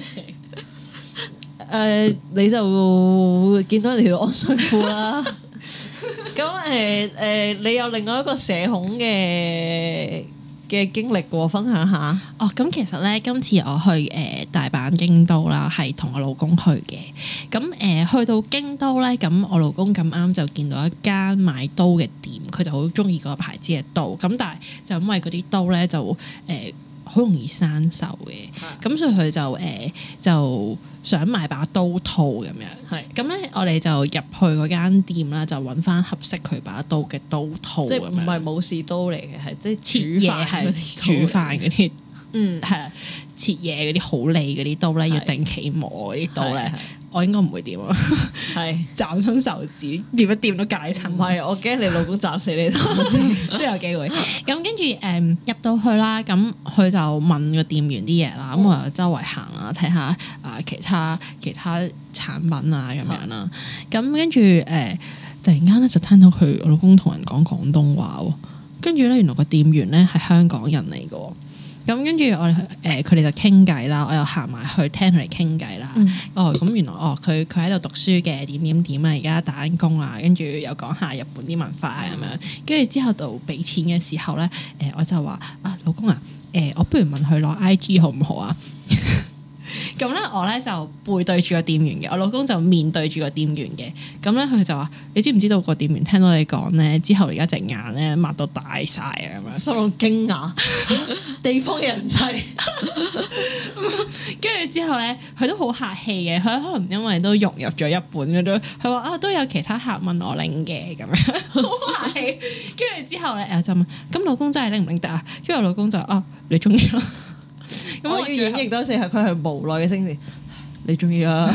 誒，你就會見到你條安睡褲啦。咁誒誒，你有另外一個社恐嘅嘅經歷過，哦，分享下哦。咁其實咧今次我去誒、呃、大阪京都啦，係同我老公去嘅。咁、呃、誒，去到京都咧，咁我老公咁啱就見到一間買刀嘅店，佢就好中意嗰個牌子嘅刀。咁但係就因為嗰啲刀咧，就誒。呃好容易生銹嘅，咁、啊、所以佢就誒、呃、就想買把刀套咁樣。係咁咧，我哋就入去嗰間店啦，就揾翻合適佢把刀嘅刀套。即唔係武士刀嚟嘅，係即係切嘢係煮飯嗰啲。嗯，係切嘢嗰啲好利嗰啲刀咧，要定期磨啲刀咧。我應該唔會掂啊，係斬親手指，掂一掂都解襯。唔係，我驚你老公斬死你都都 有機會。咁跟住誒入到去啦，咁佢就問個店員啲嘢啦，咁啊、嗯、周圍行啊，睇下啊其他其他產品啊咁樣啦。咁跟住誒，突然間咧就聽到佢，我老公同人講廣東話喎，跟住咧原來個店員咧係香港人嚟噶喎。咁跟住我哋誒佢哋就傾偈啦，我又行埋去聽佢哋傾偈啦。哦，咁原來哦，佢佢喺度讀書嘅，點點點啊，而家打緊工啊，跟住又講下日本啲文化啊咁樣。跟住之後就俾錢嘅時候咧，誒我就話啊，老公啊，誒、呃、我不如問佢攞 I G 好唔好啊？ 咁咧，我咧就背對住個店員嘅，我老公就面對住個店員嘅。咁咧，佢就話：你知唔知道個店員聽到你講咧之後眼，而家隻眼咧擘到大晒啊！咁樣，心諗驚訝，地方人細。跟住 之後咧，佢都好客氣嘅。佢可能因為都融入咗日本嘅都，佢話啊都有其他客問我拎嘅咁樣。好客氣。跟住之後咧，我就問：咁老公真係拎唔拎得啊？因為 我老公就啊，你中意咯。我要演繹多啲係佢係無奈嘅聲線，你中意啊 呢？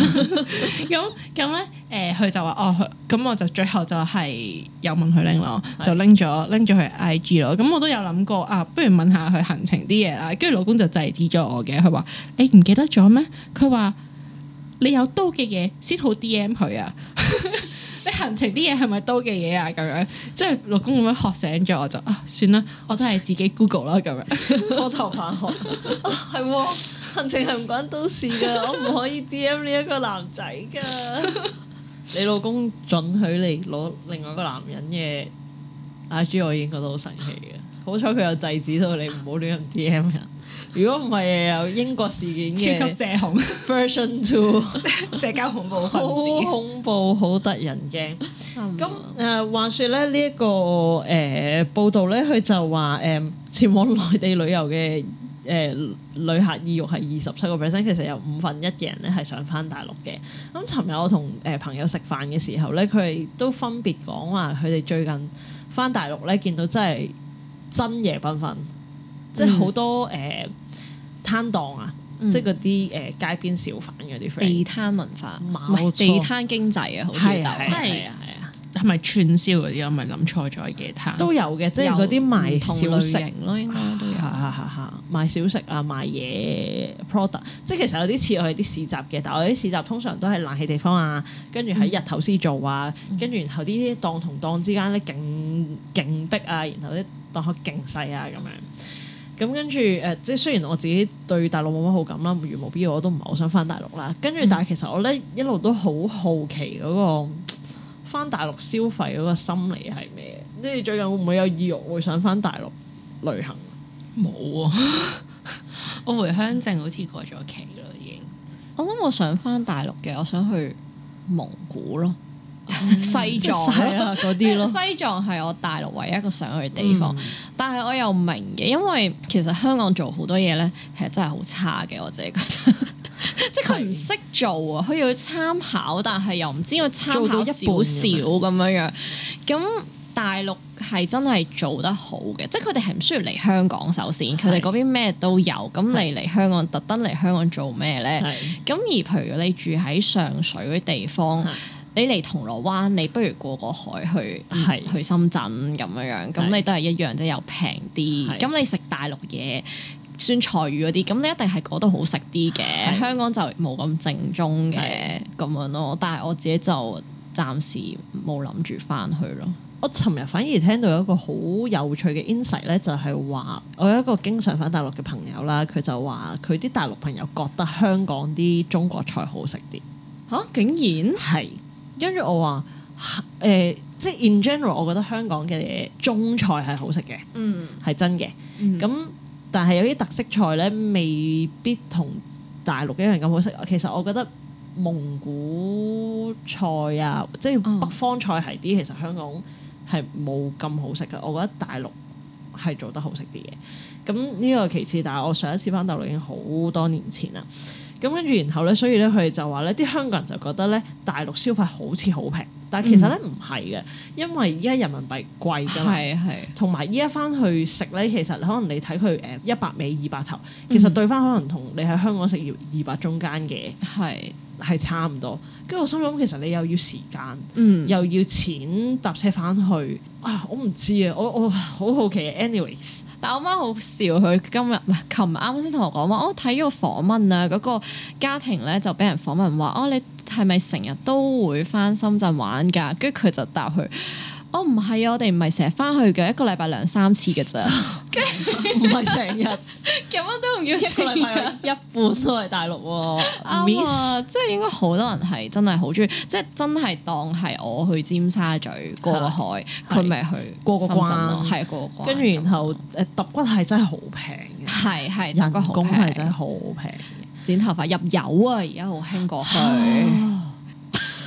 咁咁咧，誒，佢就話哦，咁我就最後就係 有問佢拎咯，就拎咗拎咗佢 I G 咯。咁我都有諗過啊，不如問下佢行程啲嘢啦。跟住老公就制止咗我嘅，佢話你唔記得咗咩？佢話你有多嘅嘢，先好 D M 佢啊。 行程啲嘢係咪都嘅嘢啊？咁樣，即係老公咁樣學醒咗，我就啊，算啦，我都係自己 Google 啦，咁樣拖頭返學係、 啊。行程係唔講都市㗎，我唔可以 DM 呢一個男仔㗎。 你老公准許你攞另外一個男人嘅 IG，我已經覺得好神奇嘅。好彩佢有制止到你唔好亂咁 DM 人。如果唔係有英國事件嘅超級社恐 version two 社交恐怖分子，好 恐怖，好得人驚。咁誒、 呃、話説咧，呢、這、一個誒、呃、報道咧，佢就話誒、呃、前往內地旅遊嘅誒、呃、旅客意欲係二十七個 percent，其實有五分一嘅人咧係想翻大陸嘅。咁尋日我同誒、呃、朋友食飯嘅時候咧，佢哋都分別講話佢哋最近翻大陸咧見到真係真夜繽紛，即係好多誒。呃嗯攤檔啊，即係嗰啲誒街邊小販嗰啲 friend，地攤文化地攤經濟啊，好似就即係係啊係啊，係咪串燒嗰啲我咪係諗錯咗，地攤都有嘅，即係嗰啲賣小食咯，應該都有。係賣小食啊，賣嘢 product，即係其實有啲似我哋啲市集嘅，但係我哋啲市集通常都係冷氣地方啊，跟住喺日頭先做啊，跟住然後啲檔同檔之間咧勁勁逼啊，然後啲檔口勁細啊咁樣。咁跟住誒，即係雖然我自己對大陸冇乜好感啦，如無必要我都唔係好想翻大陸啦。跟住但係其實我咧一路都好好奇嗰個翻大陸消費嗰個心理係咩？即係最近會唔會有意欲會想翻大陸旅行？冇啊！ 我回鄉證好似過咗期啦，已經。我諗我想翻大陸嘅，我想去蒙古咯。西藏嗰啲咯， 西藏係我大陸唯一一個想去嘅地方，嗯、但係我又明嘅，因為其實香港做好多嘢咧，其實真係好差嘅，我自己覺得，即係佢唔識做啊，佢是 要參考，但係又唔知佢參考一少少咁樣樣，咁大陸係真係做得好嘅，即係佢哋係唔需要嚟香港首先，佢哋嗰邊咩都有，咁是 你嚟香港是 特登嚟香港做咩咧？咁是 而譬如你住喺上水嗰啲地方。你嚟銅鑼灣，你不如過個海去是去深圳咁樣樣，咁是你都係一樣啫，又平啲。咁是你食大陸嘢酸菜魚嗰啲，咁你一定係嗰度好食啲嘅。是香港就冇咁正宗嘅咁是樣咯。但係我自己就暫時冇諗住翻去咯。我尋日反而聽到有一個好有趣嘅 insight 咧，就係話我有一個經常翻大陸嘅朋友啦，佢就話佢啲大陸朋友覺得香港啲中國菜好食啲，嚇、啊、竟然係。跟住我話誒、呃，即係 in general，我覺得香港嘅中菜係好食嘅，嗯，係真嘅。咁、嗯、但係有啲特色菜呢，未必同大陸一樣咁好食。其實我覺得蒙古菜啊，即係北方菜係啲，其實香港係冇咁好食嘅。我覺得大陸係做得好食啲嘅。咁呢個其次，但係我上一次返大陸已經好多年前啦。咁跟住，然後咧，所以咧，佢哋就話咧，啲香港人就覺得咧，大陸消費好似好平，但係其實咧唔係嘅，因為依家人民幣貴㗎嘛，係係，同埋依家返去食咧，其實可能你睇佢誒一百尾二百頭，其實對返可能同你喺香港食要二百中間嘅，係。係差唔多，跟住我心諗其實你又要時間，嗯、又要錢搭車翻去啊！我唔知啊，我我好好奇 Anyways 但係我媽好笑，佢今日唔係琴日啱啱先同我講話，我睇咗個訪問啊，嗰個家庭咧就俾人訪問話，哦你係咪成日都會翻深圳玩噶？跟住佢就答佢。我唔係啊，我哋唔係成日翻去嘅，一個禮拜兩三次嘅咋，唔係成日，咁樣 都唔要、啊，整日 一個禮拜一半都係大陸喎，啊，即係、 啊、Miss? 應該好多人係真係好鍾意，即係真係當係我去尖沙咀過海，佢咪的去過個關，係過關。跟住然後揼骨係真係好平嘅，係係人工係真係好平嘅，剪頭髮入油啊，而家好興過去。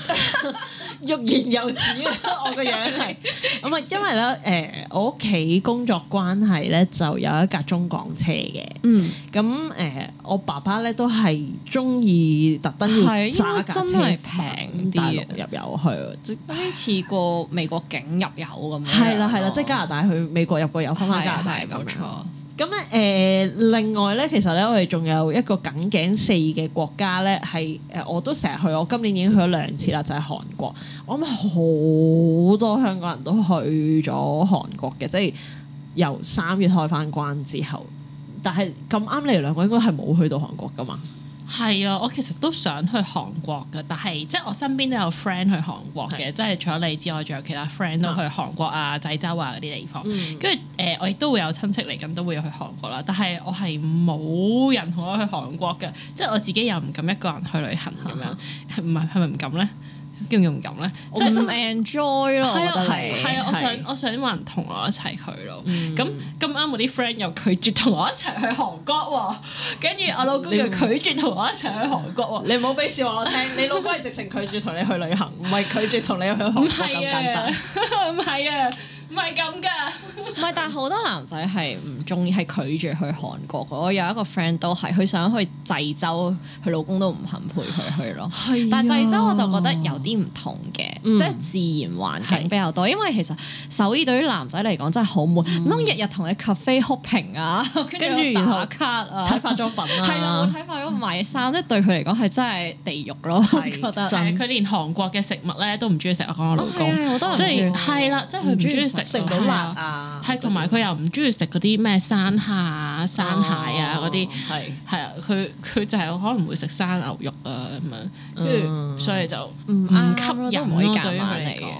欲言又止 我個樣係咁啊， 因為咧誒、呃，我屋企工作關係咧，就有一架中港車嘅。嗯，咁誒、嗯呃，我爸爸咧都係鍾意特登要揸架車平啲入油去，即係似過美國境入油咁樣。係啦係啦，即係加拿大去美國入個油翻返加拿大，冇了錯。咁咧誒，另外咧，其實咧，我哋仲有一個梗頸四嘅國家咧，係誒，我都成日去，我今年已經去咗兩次啦，就係韓國。我諗好多香港人都去咗韓國嘅，即係由三月開返關之後，但係咁啱你哋兩個應該係冇去到韓國㗎嘛？係啊，我其實都想去韓國嘅，但係即係我身邊都有 friend 去韓國嘅，即係的除咗你之外，仲有其他 friend 都去韓國啊、濟州啊嗰啲地方。跟住誒，我亦都，都會有親戚嚟，咁都會去韓國啦。但係我係冇人同我去韓國嘅，即係我自己又唔敢一個人去旅行咁樣。係唔係係咪唔敢咧？叫唔叫唔敢咧？即係唔 enjoy 咯，係啊，我想的我想揾人同我一齊去咯，咁、mm。Hmm okay. 啱我啲 friend 又拒絕同我一齊去韓國喎，跟住我老公又拒絕同我一齊去韓國喎。你唔好俾笑話我聽。你老公係直情拒絕同你去旅行，唔係拒絕同你去韓國唔係、啊、咁簡單，唔係 啊。唔係咁噶，唔係，但係好多男仔係唔中意，係拒絕去韓國嘅。我有一個 friend 都係，佢想去濟州，佢老公都唔肯陪佢去咯。但係濟州我就覺得有啲唔同嘅，即係自然環境比較多。因為其實首爾對於男仔嚟講真係好悶，唔通日日同你 cafe hopping 啊，跟住打卡啊，睇化妝品啊，係啊，睇化妝品買衫，即係對佢嚟講係真係地獄咯。係，覺得就係佢連韓國嘅食物咧都唔中意食啊，講我老公，雖然係啦，即係佢唔中意。食唔到辣啊，係同埋佢又唔中意食嗰啲咩生蝦、生蟹啊嗰啲，係係啊，佢佢些是就係可能會食生牛肉啊咁樣，跟住所以就唔吸引我啲夾飯嚟嘅。啊以啊、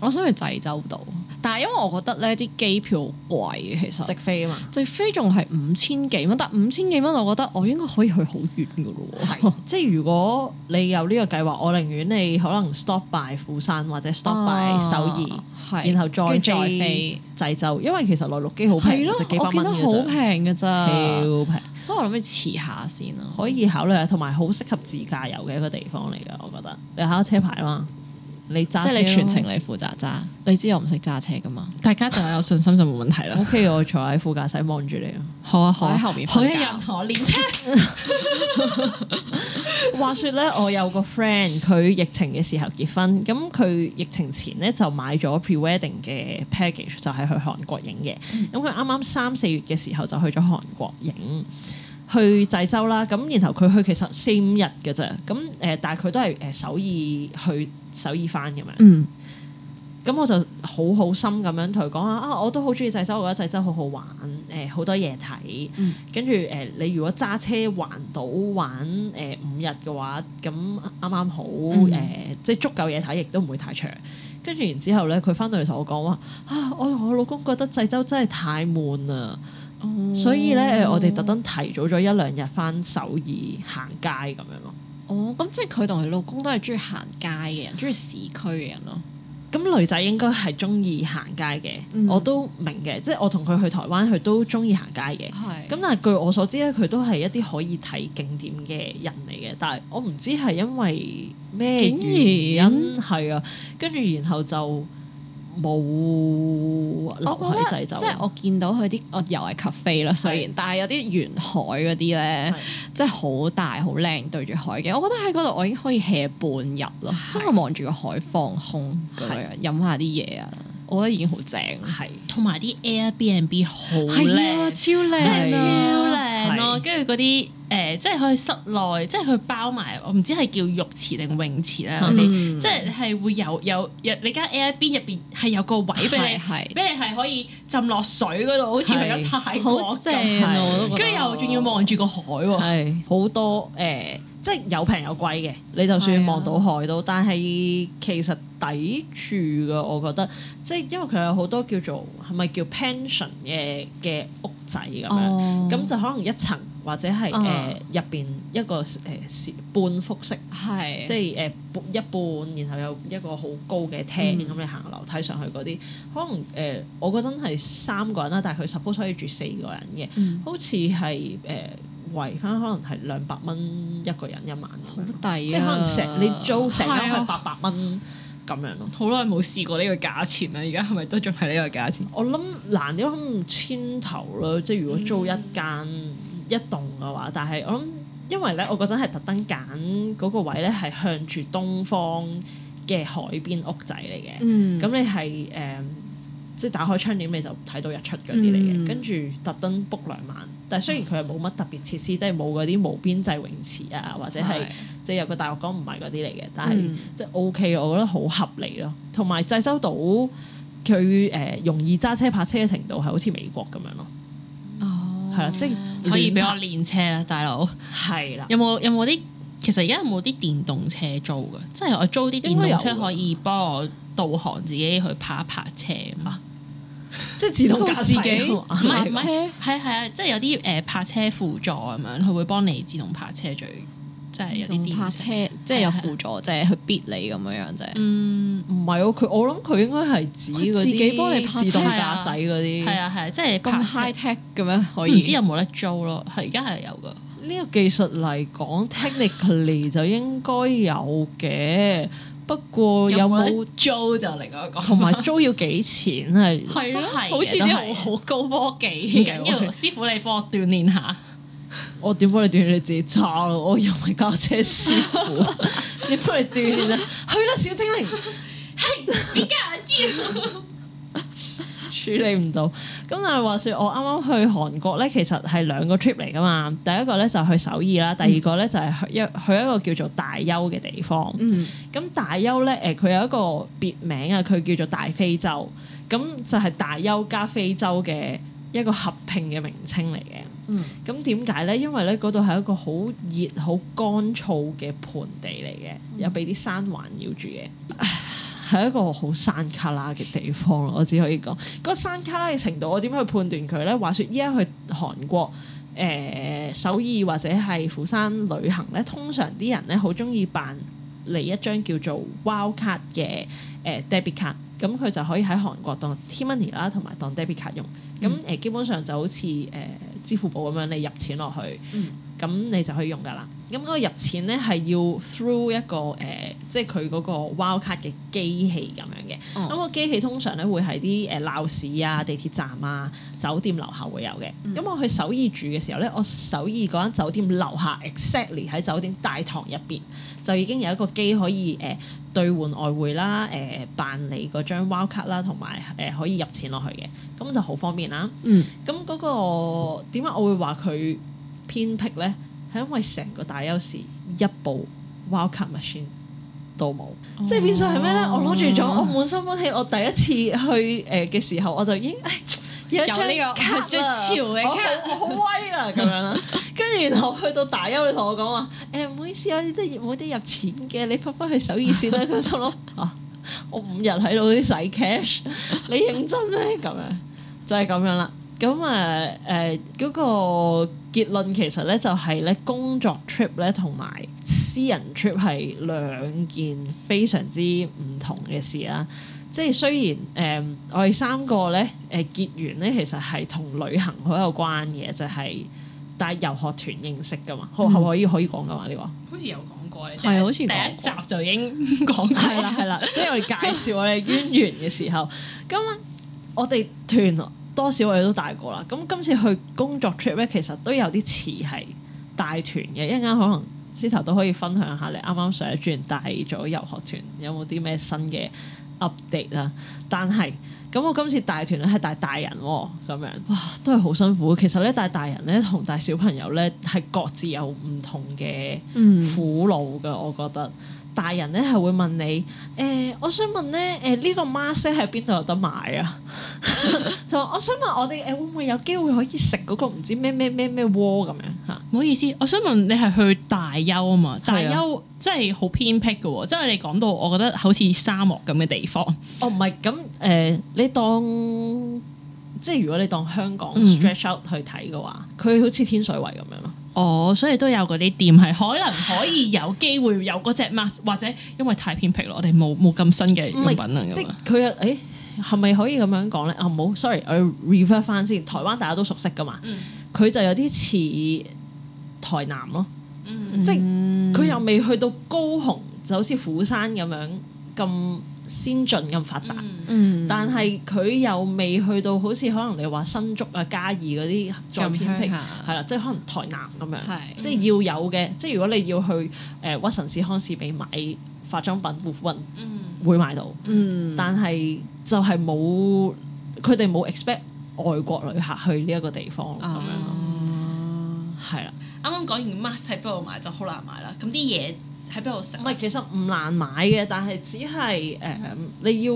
我想去濟州島。但係因為我覺得咧，啲機票貴其實直飛啊嘛，直飛仲係五千幾蚊，但五千幾蚊我覺得我應該可以去好遠噶咯喎。係， 即係如果你有呢個計劃，我寧願你可能 stop by 釜山或者 stop by 首爾，啊、然後再飛再飛濟州，因為其實內陸機好平，係就幾百蚊好平㗎咋，超平，所以我諗住遲下先咯。可以考慮，同埋好適合自駕遊嘅一個地方嚟㗎，我覺得。你考車牌嘛？你揸即係你全程你負責揸，你知我唔識揸車㗎嘛？ 大家仲有信心就冇問題啦。O、okay, K，我坐喺副駕駛望住你。好啊，好啊，好喺後面。好喺任何練車。 話說咧，我有個 friend，佢疫情嘅時候結婚，咁佢疫情前咧就買咗 pre-wedding 嘅 package，就係去韓國影嘅。咁佢啱啱三四月嘅時候就去咗韓國影。去濟州啦，咁然後佢去其實四五日嘅咋。咁誒，但係佢都係誒首爾去首爾返咁樣，嗯，咁我就好好心咁樣同佢講啊，啊，我都好鍾意濟州，我覺得濟州好好玩，誒好多嘢睇，跟住誒你如果揸車環島玩誒五日嘅話，咁啱啱好誒，即係、嗯呃、足夠嘢睇，亦都唔會太長。跟住然之後咧，佢返到嚟同我講話啊，我我老公覺得濟州真係太悶啦。哦、所以咧，我哋特登提早咗一兩日返首爾行街咁樣咯。哦，咁即係佢同佢老公都係鍾意行街嘅人，鍾意市區嘅人咯。咁女仔應該係鍾意行街嘅，嗯、我都明嘅。即係我同佢去台灣，佢都鍾意行街嘅。係。咁但係據我所知咧，佢都係一啲可以睇景點嘅人嚟嘅。但係我唔知係因為咩原因係啊，跟住然後就。冇落海濟走。即係我見到佢啲，我又係 cafe 啦。的雖然，但係有啲沿海嗰啲咧，的即係好大好靚，對住海嘅。我覺得喺嗰度我已經可以歇半日咯，真係望住個海放空咁樣，飲的下啲嘢啊！我覺得已經好正，係同埋啲 Airbnb 好靚，超靚，真係超靚咯。跟住嗰啲誒，即係喺室內，即係佢包埋，我唔知係叫浴池定泳池啦嗰啲，即係係會有有入你間 Airbnb 入邊係有個位俾你，俾你係可以浸落水嗰度，好似去咗泰國咁，跟住又仲要望住個海喎，好多誒。即係有平有貴嘅，你就算望到海都，是啊、但係其實抵住嘅，我覺得。即係因為佢有好多叫做係咪叫 pension 嘅嘅屋仔咁樣，咁、哦、就可能一層或者係誒入邊一個誒、呃、半複式，是啊、即係誒、呃、一半，然後有一個好高嘅廳咁，嗯、你行樓梯上去嗰啲，可能誒、呃、我覺得係三個人啦，但係佢 suppose 可以住四個人嘅，好似係誒。位反而可能係兩百蚊一個人一晚，好抵、啊。即係可能成你租成間係八百蚊咁樣咯。好耐冇試過呢個價錢啦，而家係咪都仲係呢個價錢？我諗難啲可能千頭咯，即係如果租一間一棟嘅話，嗯、但係我諗因為咧，我嗰陣係特登揀嗰個位咧，係向住東方嘅海邊屋仔嚟嘅。嗯，咁你係誒，即、呃、係、就是、打開窗簾你就睇到日出嗰啲嚟嘅，跟住特登 book 兩晚。但係雖然佢係冇乜特別設施，即係冇嗰啲無邊際泳池啊，或者係即係有個大浴缸唔係嗰啲嚟嘅，但係即係 OK，我覺得好合理咯。同埋濟州島佢誒容易揸車泊車嘅程度係好似美國咁樣咯。哦，係啦，即係可以俾我練車呀，大佬。係啦是的。有冇有冇啲？其實而家有冇啲電動車租㗎？即係我租啲電動車可以幫我導航自己去泊一泊車嘛。即係自動駕駛，唔係唔係，係啊係啊，即係有啲誒泊車輔助咁樣，佢會幫你自動泊車，最即係有啲泊車，即係有輔助，即係去逼你咁樣樣啫。嗯，唔係哦，佢我諗佢應該係指自己幫你自動駕駛嗰啲，係啊係啊，即係咁 high tech 咁樣，可以唔知有冇得租咯？係而家係有噶。呢個技術嚟講，technically 就應該有嘅。不過有冇租就另外一個，同埋租要幾錢係？係咯，好似啲好好高科技。唔緊要，師傅你幫我鍛鍊下。我點幫你鍛鍊？你自己揸咯，我又唔係家姐師傅。你幫我鍛鍊啊！去啦，小精靈。 Hey，we 處理唔到，咁但係話說我啱啱去韓國咧，其實係兩個 trip 嚟㗎嘛。第一個咧就係去首爾啦，第二個咧就係去一去一個叫做大邱嘅地方。嗯，咁大邱咧，誒，佢有一個別名啊，佢叫做大非洲。咁就係大邱加非洲嘅一個合併嘅名稱嚟嘅。嗯，咁點解咧？因為咧嗰度係一個好熱、好乾燥嘅盆地嚟嘅，有俾啲山環繞住嘅。係一個好山卡拉嘅地方，我只可以講。個山卡拉嘅程度，我點樣去判斷佢咧？話說依家去韓國，誒、呃、首爾或者係釜山旅行咧，通常啲人咧好中意辦嚟一張叫做 WOW 卡嘅誒 debit 卡，咁佢就可以喺韓國當 T-money 啦，同埋當 debit 卡用。咁誒、嗯、基本上就好似誒、呃、支付寶咁樣，你入錢落去。嗯咁你就可以用噶啦。咁、那、嗰個入錢咧係要 through 一個誒、呃，即係佢嗰個 wild card 嘅機器咁樣嘅。咁、嗯、個機器通常咧會喺啲誒鬧市啊、地鐵站啊、酒店樓下會有嘅。咁我去首爾住嘅時候咧，我首爾嗰間酒店樓下 exactly 喺酒店大堂入邊就已經有一個機可以誒兌換外匯啦、誒、呃、辦理嗰張 wild card 啦，同埋誒可以入錢落去嘅。咁就好方便啦。嗯。咁嗰、那個點解我會話佢偏僻咧，係因為成個大邱市一部 welcome machine 都冇，哦、即係變相係咩咧？我攞住咗，我滿心歡喜。我第一次去誒嘅時候，我就已經、哎哎、有咗呢、呢個 cash 潮嘅我，我，我，我好威啦、啊、咁樣啦。跟住然後去到大邱，你同我講話誒，唔、欸、好意思啊，啲嘢冇啲入錢嘅，你翻返去首爾先啦咁樣咯。 啊，我五日喺度啲洗 cash，你認真咩？咁樣就係、是、咁樣啦。咁啊誒嗰個結論其實咧，就係咧工作 trip 咧同埋私人 trip 係兩件非常之唔同嘅事啦。即係雖然誒我哋三個咧誒結緣咧其實係同旅行好有關嘅，就係帶遊學團認識㗎嘛，可可可以可以講㗎嘛呢個？好似有講過，係好似第一集就已經講咗啦，係啦，即係我哋介紹我哋淵源嘅時候，咁我哋團多少我哋都帶過啦，咁今次去工作 trip 咧，其實都有啲似係帶團嘅，一陣間可能 Zita 都可以分享下你啱啱上一轉帶咗遊學團有冇啲咩新嘅 update 啦？但係咁我今次帶團咧係帶大人咁樣，哇都係好辛苦。其實咧帶大人咧同帶小朋友咧係各自有唔同嘅苦惱噶，嗯、我覺得。大人咧係會問你，誒、呃，我想問咧，誒、呃，呢、這個 mask 喺邊度有得買啊？就 我想問我哋，誒，會唔會有機會可以食嗰個唔知咩咩咩咩鍋咁樣嚇？唔好意思，我想問你係去大邱啊嘛？大邱真係好偏僻㗎喎，啊、即係你講到我覺得好似沙漠咁嘅地方。哦，唔係，咁誒、呃，你當即係如果你當香港、嗯、stretch out 去睇嘅話，佢好似天水圍咁樣咯。哦，所以都有嗰啲店係可能可以有機會有嗰隻 mask，或者因為太偏僻咯，我哋冇冇咁新嘅物品不、欸、是是啊？即係佢啊，誒係咪可以咁樣講咧？啊唔好，sorry，我 refer 翻先。台灣大家都熟悉㗎嘛，佢、嗯、就有啲似台南咯，嗯、即係佢又未去到高雄，就好似釜山咁樣咁。先進咁發達，嗯嗯、但係佢又未去到好似可能你話新竹啊、嘉義嗰啲再偏僻係啦、啊，即係可能台南咁樣，嗯、即係要有嘅。即係如果你要去誒屈臣氏、康是美買化妝品，品嗯、會買到，嗯、但係就係冇佢哋冇 expect 外國旅客去呢一個地方咁、嗯、樣咯，係啦、嗯。啱啱講完 mask 喺邊度買就好難買啦，咁啲嘢，喺邊度食？唔係，其實唔難買嘅，但係只係誒，um, 你要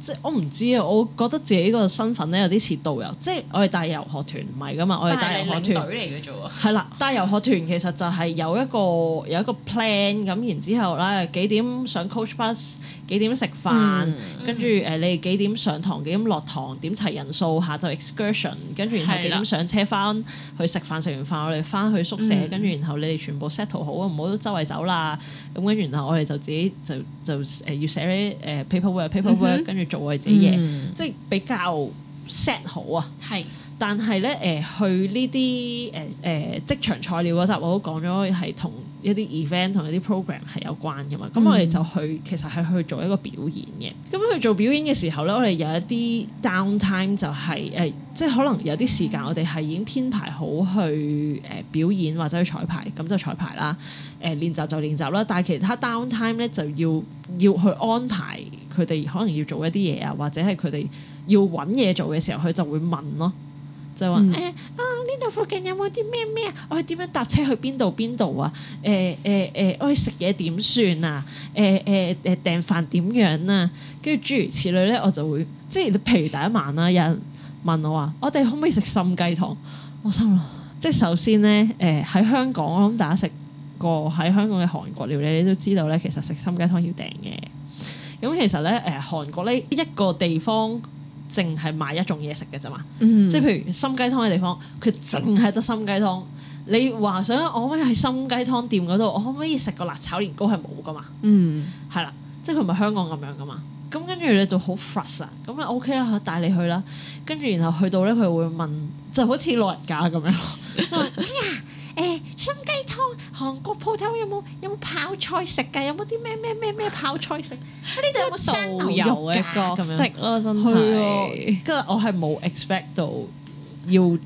即係我唔知啊！我覺得自己個身份咧有啲似導遊，即係我係帶遊學團唔係噶嘛，是是我係帶遊學團嚟嘅啫喎。係啦的， 帶遊學團其實就係有一個有一個 plan 咁，然之後咧幾點上 coach bus。幾點食飯？跟住誒，你哋幾點上堂？幾點落堂？點齊人數？下晝 excursion，跟住然後幾點上車翻去食飯？食完飯我哋翻去宿舍，跟住然後你哋全部 settle 好，唔好都周圍走啦。咁跟住然後我哋就自己就就誒要寫啲 paperwork，paperwork，跟住、嗯、哼做我哋自己嘢，嗯、即係比較 set 好啊。係。但係咧，誒、呃、去呢啲誒誒職場材料嗰集，我都講咗係同一啲 event 同一啲 program 係有關嘅嘛。咁、嗯、我哋就去，其實係去做一個表演嘅。咁去做表演嘅時候咧，我哋有一啲 down time 就係、是、誒、呃，即係可能有啲時間我哋係已經編排好去誒表演或者去彩排，咁就彩排啦。誒、呃、練習就練習啦，但係其他 down time 咧就要要去安排佢哋可能要做一啲嘢啊，或者係佢哋要揾嘢做嘅時候，佢就會問咯。就話誒、嗯欸、啊！呢度附近有冇啲咩咩啊？我點樣搭車去邊度邊度啊？誒誒誒，我去食嘢點算啊？誒誒誒，訂飯點樣啊？跟住諸如此類咧，我就會即係譬如第一晚啦，有人問我話：我哋可唔可以食參雞湯？我心諗，即係首先咧誒，喺、欸、香港，我諗大家食過喺香港嘅韓國料理，你都知道咧，其實食參雞湯要訂嘅。咁其實咧誒，韓國呢一個地方。淨係買一種嘢食嘅啫嘛，即係、嗯、譬如參雞湯嘅地方，佢淨係得參雞湯。你話想我可唔可以喺參雞湯店嗰度，我可唔可以食個辣炒年糕係冇噶嘛？嗯，係啦，即係佢唔係香港咁樣噶嘛。咁跟住你就好 frust 啊，咁啊 OK 啦，帶你去啦。跟住然後去到咧，佢會問，就好似老人家咁樣， 就係 誒，參、欸、雞湯，韓國鋪頭有冇，有冇泡菜食㗎？有冇啲咩咩咩咩泡菜食？呢度 有冇生牛肉食咯？ 真係，跟住、哦、 我係冇 expect 到。要呢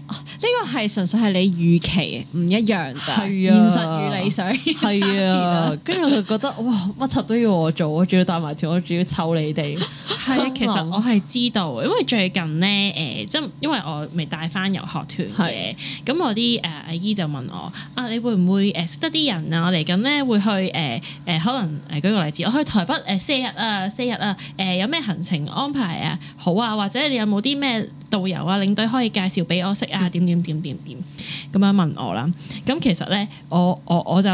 個係純粹係你預期唔一樣咋，啊、現實與理想、啊、差別。跟住我就覺得哇，乜柒都要我做，我仲要帶埋團，我仲要湊你哋。係，其實我係知道，因為最近咧誒，即因為我未帶翻遊學團嘅，咁是我啲誒阿姨就問我啊，你會唔會誒識得啲人啊？我嚟緊咧會去誒誒，可能誒舉個例子，我去台北誒四日啊，四日啊，誒有咩行程安排啊？好啊，或者你有冇啲咩？導遊啊，領隊可以介紹俾我識啊，點點點點點咁樣問我啦。咁其實咧，我我我就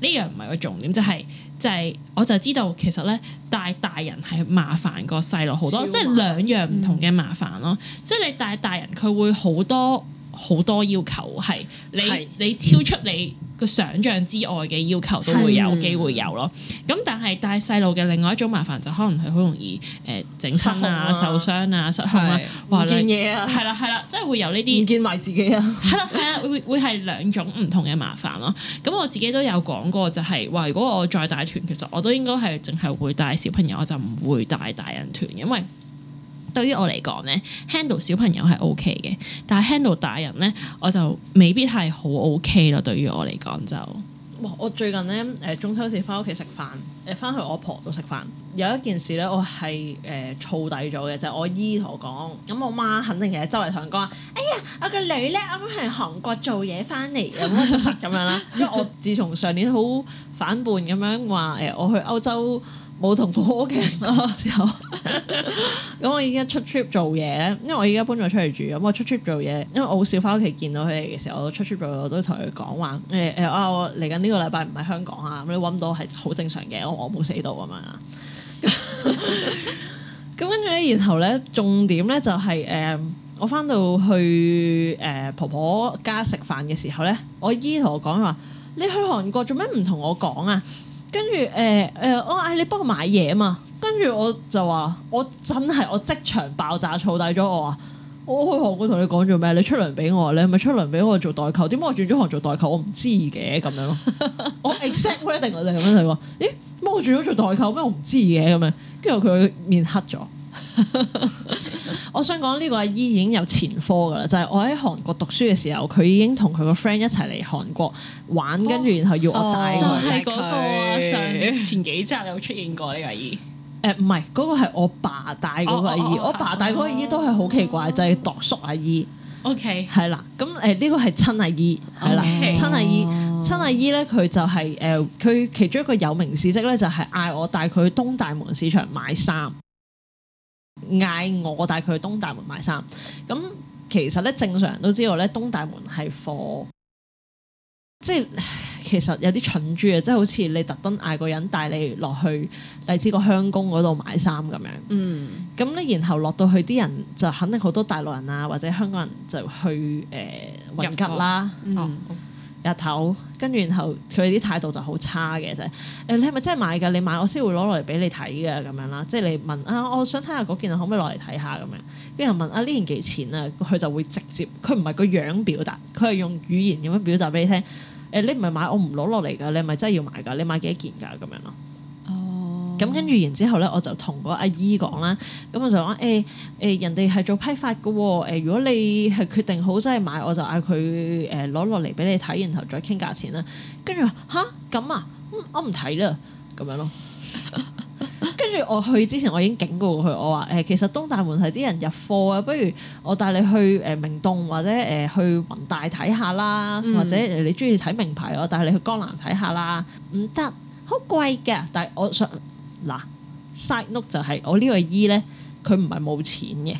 呢樣唔係個重點，就係、是、就係、是、我就知道，其實咧帶大人係麻煩過細路好多，即係兩樣唔同嘅麻煩咯。嗯、即係你帶大人，佢會好多。好多要求係你是你超出你個想象之外嘅要求都會有機會有咯，咁的但係帶細路嘅另外一種麻煩就可能係好容易誒整親啊、受傷啊、失控啊，哇見嘢啊，係啦係啦，即係會有呢啲唔見埋自己啊，係啦，誒會會係兩種唔同嘅麻煩咯，咁我自己都有講過就係話如果我再帶團，其實我都應該係淨係會帶小朋友，我就唔會帶大人團，因為。對於我嚟講咧，handle 小朋友係 O K 嘅，但係 handle 大人咧，我就未必係好 O K 咯。對於我嚟講就，哇，我最近咧誒中秋節翻屋企食飯，誒翻去我婆度食飯，有一件事咧我係誒燥底咗嘅，就係、是、我姨同我講，咁我媽肯定其實周圍同人講，哎呀，我個女咧啱啱喺韓國做嘢翻嚟咁咁樣啦，因為我自從上年好反叛咁樣話誒，我去歐洲。冇同婆婆傾咯，之後咁我依家、啊、 出 trip 做嘢，因為我依家搬咗出嚟住，咁我出 trip 做嘢，因為我好少翻屋企見到佢哋嘅時候，我出 trip 做嘢我都同佢講話，誒誒啊，我嚟緊呢個禮拜唔喺香港啊，咁、嗯、你揾到係好正常嘅，我冇死到咁樣啦。咁跟住咧，然後咧，重點咧就係、是、誒、呃，我翻到去誒、呃、婆婆家食飯嘅時候咧，我姨同我講話，你去韓國做咩唔同我講啊？跟住誒誒，我嗌你幫我買嘢嘛，跟住我就話我真係我即場爆炸燥底咗。我話我去韓國同你講做咩？你出糧俾我，你係咪出糧俾我做代購？點解我轉咗行做代購？我唔知嘅咁樣咯，我 exactly 定我就咁樣，佢話，咦？點解我轉咗做代購咩？我唔知嘅咁樣，跟住佢面黑咗。 我想講呢、這個阿姨已經有前科㗎啦，就係、是、我喺韓國讀書嘅時候，佢已經同佢個 friend 一齊嚟韓國玩，跟住然後要我帶佢。哦、就係嗰、那個他上前幾集有出現過呢、這個阿姨。誒唔係嗰個，係我爸帶嗰個阿姨，哦哦哦、我爸帶嗰個阿姨都係好奇怪，哦、就係獨叔阿姨。O K 係啦，咁誒呢個係親阿姨係啦，親阿姨親阿姨咧，佢就係誒佢其中一個有名事蹟咧，就係嗌我帶佢去東大門市場買衫。嗌我帶佢去東大門買衫，咁其實咧正常人都知道咧，東大門係貨，即係其實有啲蠢豬啊，即係好似你特登嗌個人帶你落去，荔枝角香宮嗰度買衫咁樣，嗯，咁咧然後落到去啲人就肯定好多大陸人啊或者香港人就去誒揾吉啦，呃、火嗯。哦日頭，跟住然後佢啲態度就好差嘅，就係誒你係咪真係買㗎？你買我先會攞落嚟俾你睇㗎，咁樣啦，即係你問啊，我想睇下嗰件，可唔可以落嚟睇下咁樣？跟住問啊呢件幾錢啊？佢就會直接，佢唔係個樣表達，佢係用語言點樣表達俾你聽。誒你唔係買我唔攞落嚟㗎，你係咪真係要買㗎？你買幾多件㗎？咁樣咯。咁、嗯、跟住，然之後咧，我就同個阿姨講啦。咁我就講：誒、呃、誒，人哋係做批發嘅。誒、呃，如果你係決定好真係買，我就嗌佢誒攞落嚟俾你睇，然後再傾價錢啦。跟住話吓，咁啊，嗯、我唔睇啦，咁樣咯。跟住 我去之前，我已經警告過佢：我話誒、呃，其實東大門係啲人入貨啊，不如我帶你去誒明洞或者誒去弘大睇下啦。或者你中意睇名牌，我帶你去江南睇下啦。唔得、嗯，好貴嘅。但係我想。嗱，side note 就係我呢個姨咧，佢唔係冇錢嘅，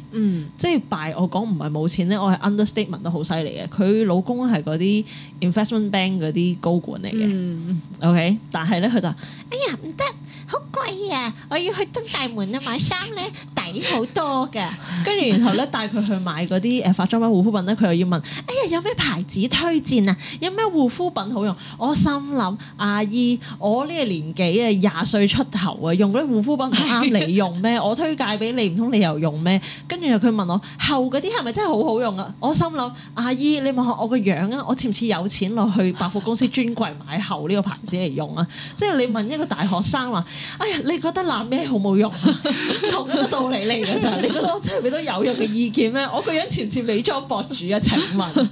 即係敗我講唔係冇錢咧，我係 understatement 得好犀利嘅，佢、嗯、老公係嗰啲 investment bank 嗰啲高管嚟嘅、嗯、OK，但係咧佢就，哎呀唔得好貴啊，我要去東大門啊買衫咧。 抵好多嘅，跟住然後咧帶佢去買嗰啲誒化妝品、護膚品咧，佢又要問：哎呀，有咩牌子推薦啊？有咩護膚品好用？我心諗，阿姨，我呢個年紀啊，廿歲出頭啊，用嗰啲護膚品啱你用咩？ 我推介俾你，唔通你又用咩？跟住佢問我后嗰啲係咪真係好好用啊？我心諗，阿姨，你望下我個樣啊，我似唔似有錢落去百貨公司專櫃買后呢個牌子嚟用啊？ 即係你問一個大學生話：哎呀，你覺得立咩好冇用？同一個道理。 你嚟嘅咋？ 你覺得我真係俾到有用嘅意見咩？ 我個樣似唔似美妝博主啊？請問。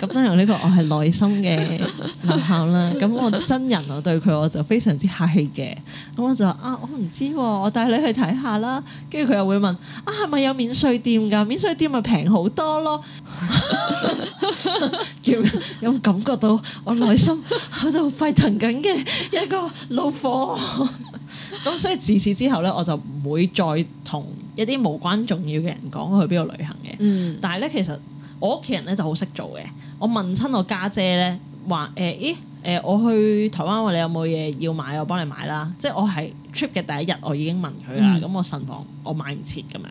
咁當然呢個我係內心嘅咆哮啦。咁我真人我對佢我就非常之客氣嘅。咁我就話啊，我唔知、啊，我帶你去睇下啦。跟住佢又會問啊，係咪有免稅店㗎？免稅店咪平好多咯。 有冇感覺到我內心喺度沸騰緊嘅一個怒火。咁 所以自此之後咧，我就唔會再同一啲無關重要嘅人講去邊度旅行嘅，嗯、但係咧其實我屋企人咧就好識做嘅。我問親我家姐咧話：誒、欸，咦、欸、誒，我去台灣話你有冇嘢要買，我幫你買啦。即係我喺 trip 嘅第一日，我已經問佢啦。咁、嗯、我慎防我買唔切咁樣，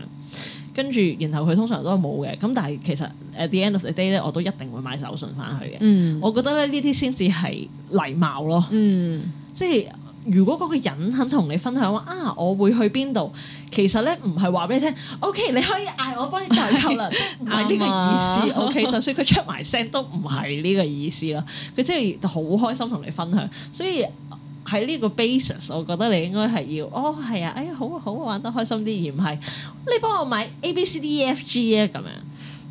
跟住然後佢通常都係冇嘅。咁但係其實 at the end of the day 咧，我都一定會買手信翻去嘅。嗯、我覺得咧呢啲先至係禮貌咯。嗯、即係。如果嗰個人肯同你分享話啊，我會去邊度？其實咧唔係話俾你聽 ，OK，你可以嗌我幫你代購啦，唔係呢個意思 ，OK。就算佢出埋聲都唔係呢個意思啦。佢真係好開心同你分享，所以喺呢個 basis，我覺得你應該係要，哦，係啊，哎，好好玩得開心啲，而唔係你幫我買 A B C D E F G 啊咁樣。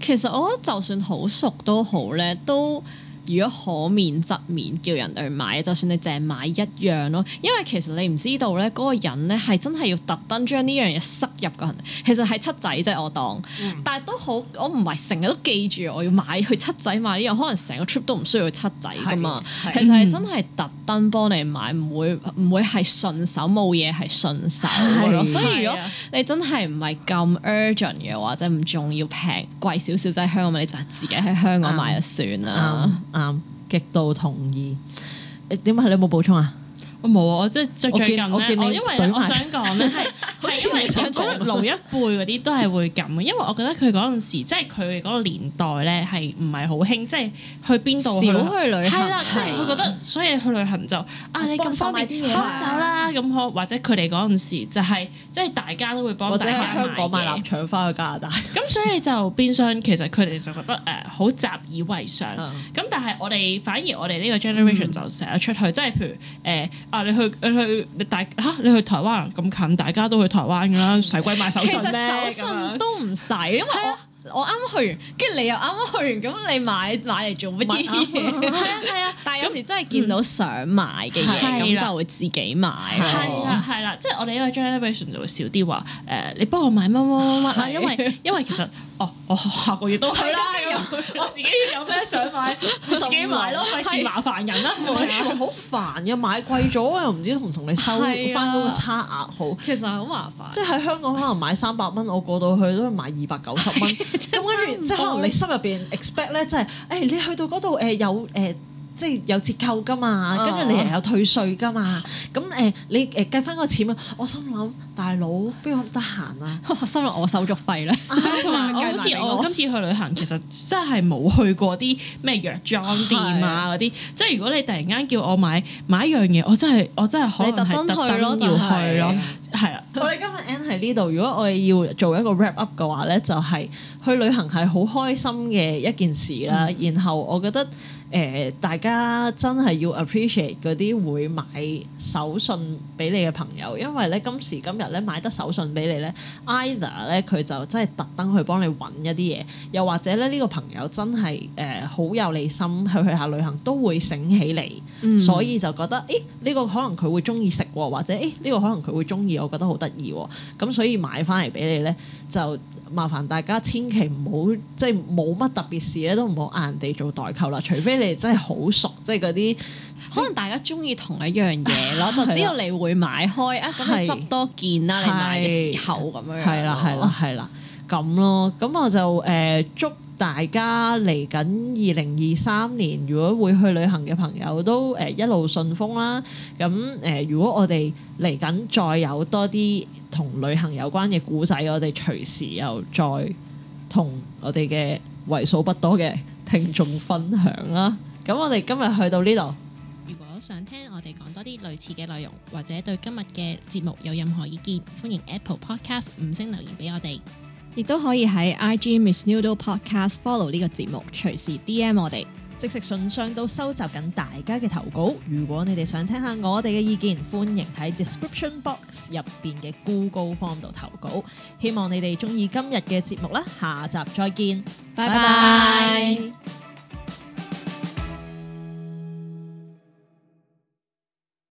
其實我覺得就算好熟都好咧，都。如果可免則免，叫人哋去買，就算你凈係買一樣咯。因為其實你唔知道咧，嗰個人咧係真係要特登將呢樣嘢塞入嘅，其實係七仔啫，我當。嗯、但係都好，我唔係成日都記住我要買去七仔買呢樣，可能成個 trip 都唔需要去七仔㗎嘛。其實係真係特登幫你買，唔會唔會係順手冇嘢係順手嘅咯。是所以如果你真係唔係咁 urgent 嘅話，即係唔重要平貴少少即係香港，你就係自己喺香港買就算啦。嗯嗯。啱，極度同意。誒點啊？你有冇補充啊？冇啊！我即係最近我咧，因為我想講咧係，係覺得老一輩嗰啲都係會咁嘅，因為我覺得佢嗰陣時，即係佢嗰個年代咧係唔係好興，即係去邊度去旅行，係啦，即係佢覺得，所以去旅行就啊，你咁方便，啲，攞手啦咁好，或者佢哋嗰陣時就係即係大家都會幫或者香港買臘腸翻去加拿大，咁所以就變相，其實佢哋就覺得誒好習以為常，咁但係我哋反而我哋呢個 generation 就成日出去，即係譬如誒。啊！你去你去你大吓、啊，你去台灣咁近，大家都去台灣㗎啦，使鬼 買手信咩？其實手信都唔使， 因為我我啱啱去完，跟住你又啱啱去完，咁你買買嚟做乜嘢？係啊係啊，但係有時真係見到想買嘅嘢，咁就會自己買。係啊係啦，即係我哋因為 generation 就會少啲話誒，你幫我買乜乜乜乜啦，因為因為其實哦，我下個月都去啦，我自己有咩想買，自己買咯，費事麻煩人啦。係啊，好煩嘅，買貴咗又唔知同唔同你收返嗰個差額好。其實係好麻煩。即係喺香港可能買三百蚊，我過到去都買二百九十蚊。咁跟住，即係是原可能你心入邊 expect 咧，即係誒，你去到嗰度，誒、呃，有、呃，誒。即係有折扣噶嘛，跟住你又有退稅噶嘛，咁誒、呃、你誒計翻個錢啊！我心諗大佬邊有咁得閒啊？我心諗我手續費啦。同埋、啊、有好似我，我，我今次去旅行，其實真係冇去過啲咩藥妝店啊嗰啲的，即係如果你突然間叫我買買一樣嘢，我真係我真係可能係特登要去咯。係啊、就是， 我哋今日 end 喺呢度。如果我哋要做一個 wrap up 嘅話咧，就係、是、去旅行係好開心嘅一件事啦。 然後我覺得。誒，大家真係要 appreciate 嗰啲會買手信俾你嘅朋友，因為咧今時今日咧買得手信俾你咧，Either 咧佢就真係特登去幫你揾一啲嘢，又或者咧呢個朋友真係誒好有你心，去去下旅行都會醒起你，嗯、所以就覺得誒呢個可能佢會中意食喎，或者誒呢個可能佢會中意，我覺得好得意喎，咁所以買翻嚟俾你咧就。麻煩大家千祈唔好，即係冇乜特別事咧，都唔好嗌人哋做代購啦。除非你真係好熟，即係嗰啲可能大家鍾意同一樣嘢咯， 是的 就知道你會買開啊，咁你執多件啦，你買嘅是的 時候咁樣。係啦，係啦，係啦，咁咯，咁我就誒、呃、祝大家嚟緊二零二三年，如果會去旅行嘅朋友都誒一路順風啦。咁誒，如果我哋嚟緊再有多啲同旅行有關嘅故仔，我哋隨時又再同我哋嘅為數不多嘅聽眾分享啦。咁我哋今日去到呢度，如果想聽我哋講多啲類似嘅內容，或者對今日嘅節目有任何意見，歡迎 Apple Podcast 五星留言俾我哋。亦都可以喺 IG Miss Noodle Podcast follow 呢個節目，隨時 DM 我哋，即食信箱都收集緊大家嘅投稿。如果你哋想聽下我哋嘅意見，歡迎喺 description box 入邊嘅 Google Form 度投稿。希望你哋中意今日嘅節目啦，下集再見，拜拜 bye。Bye bye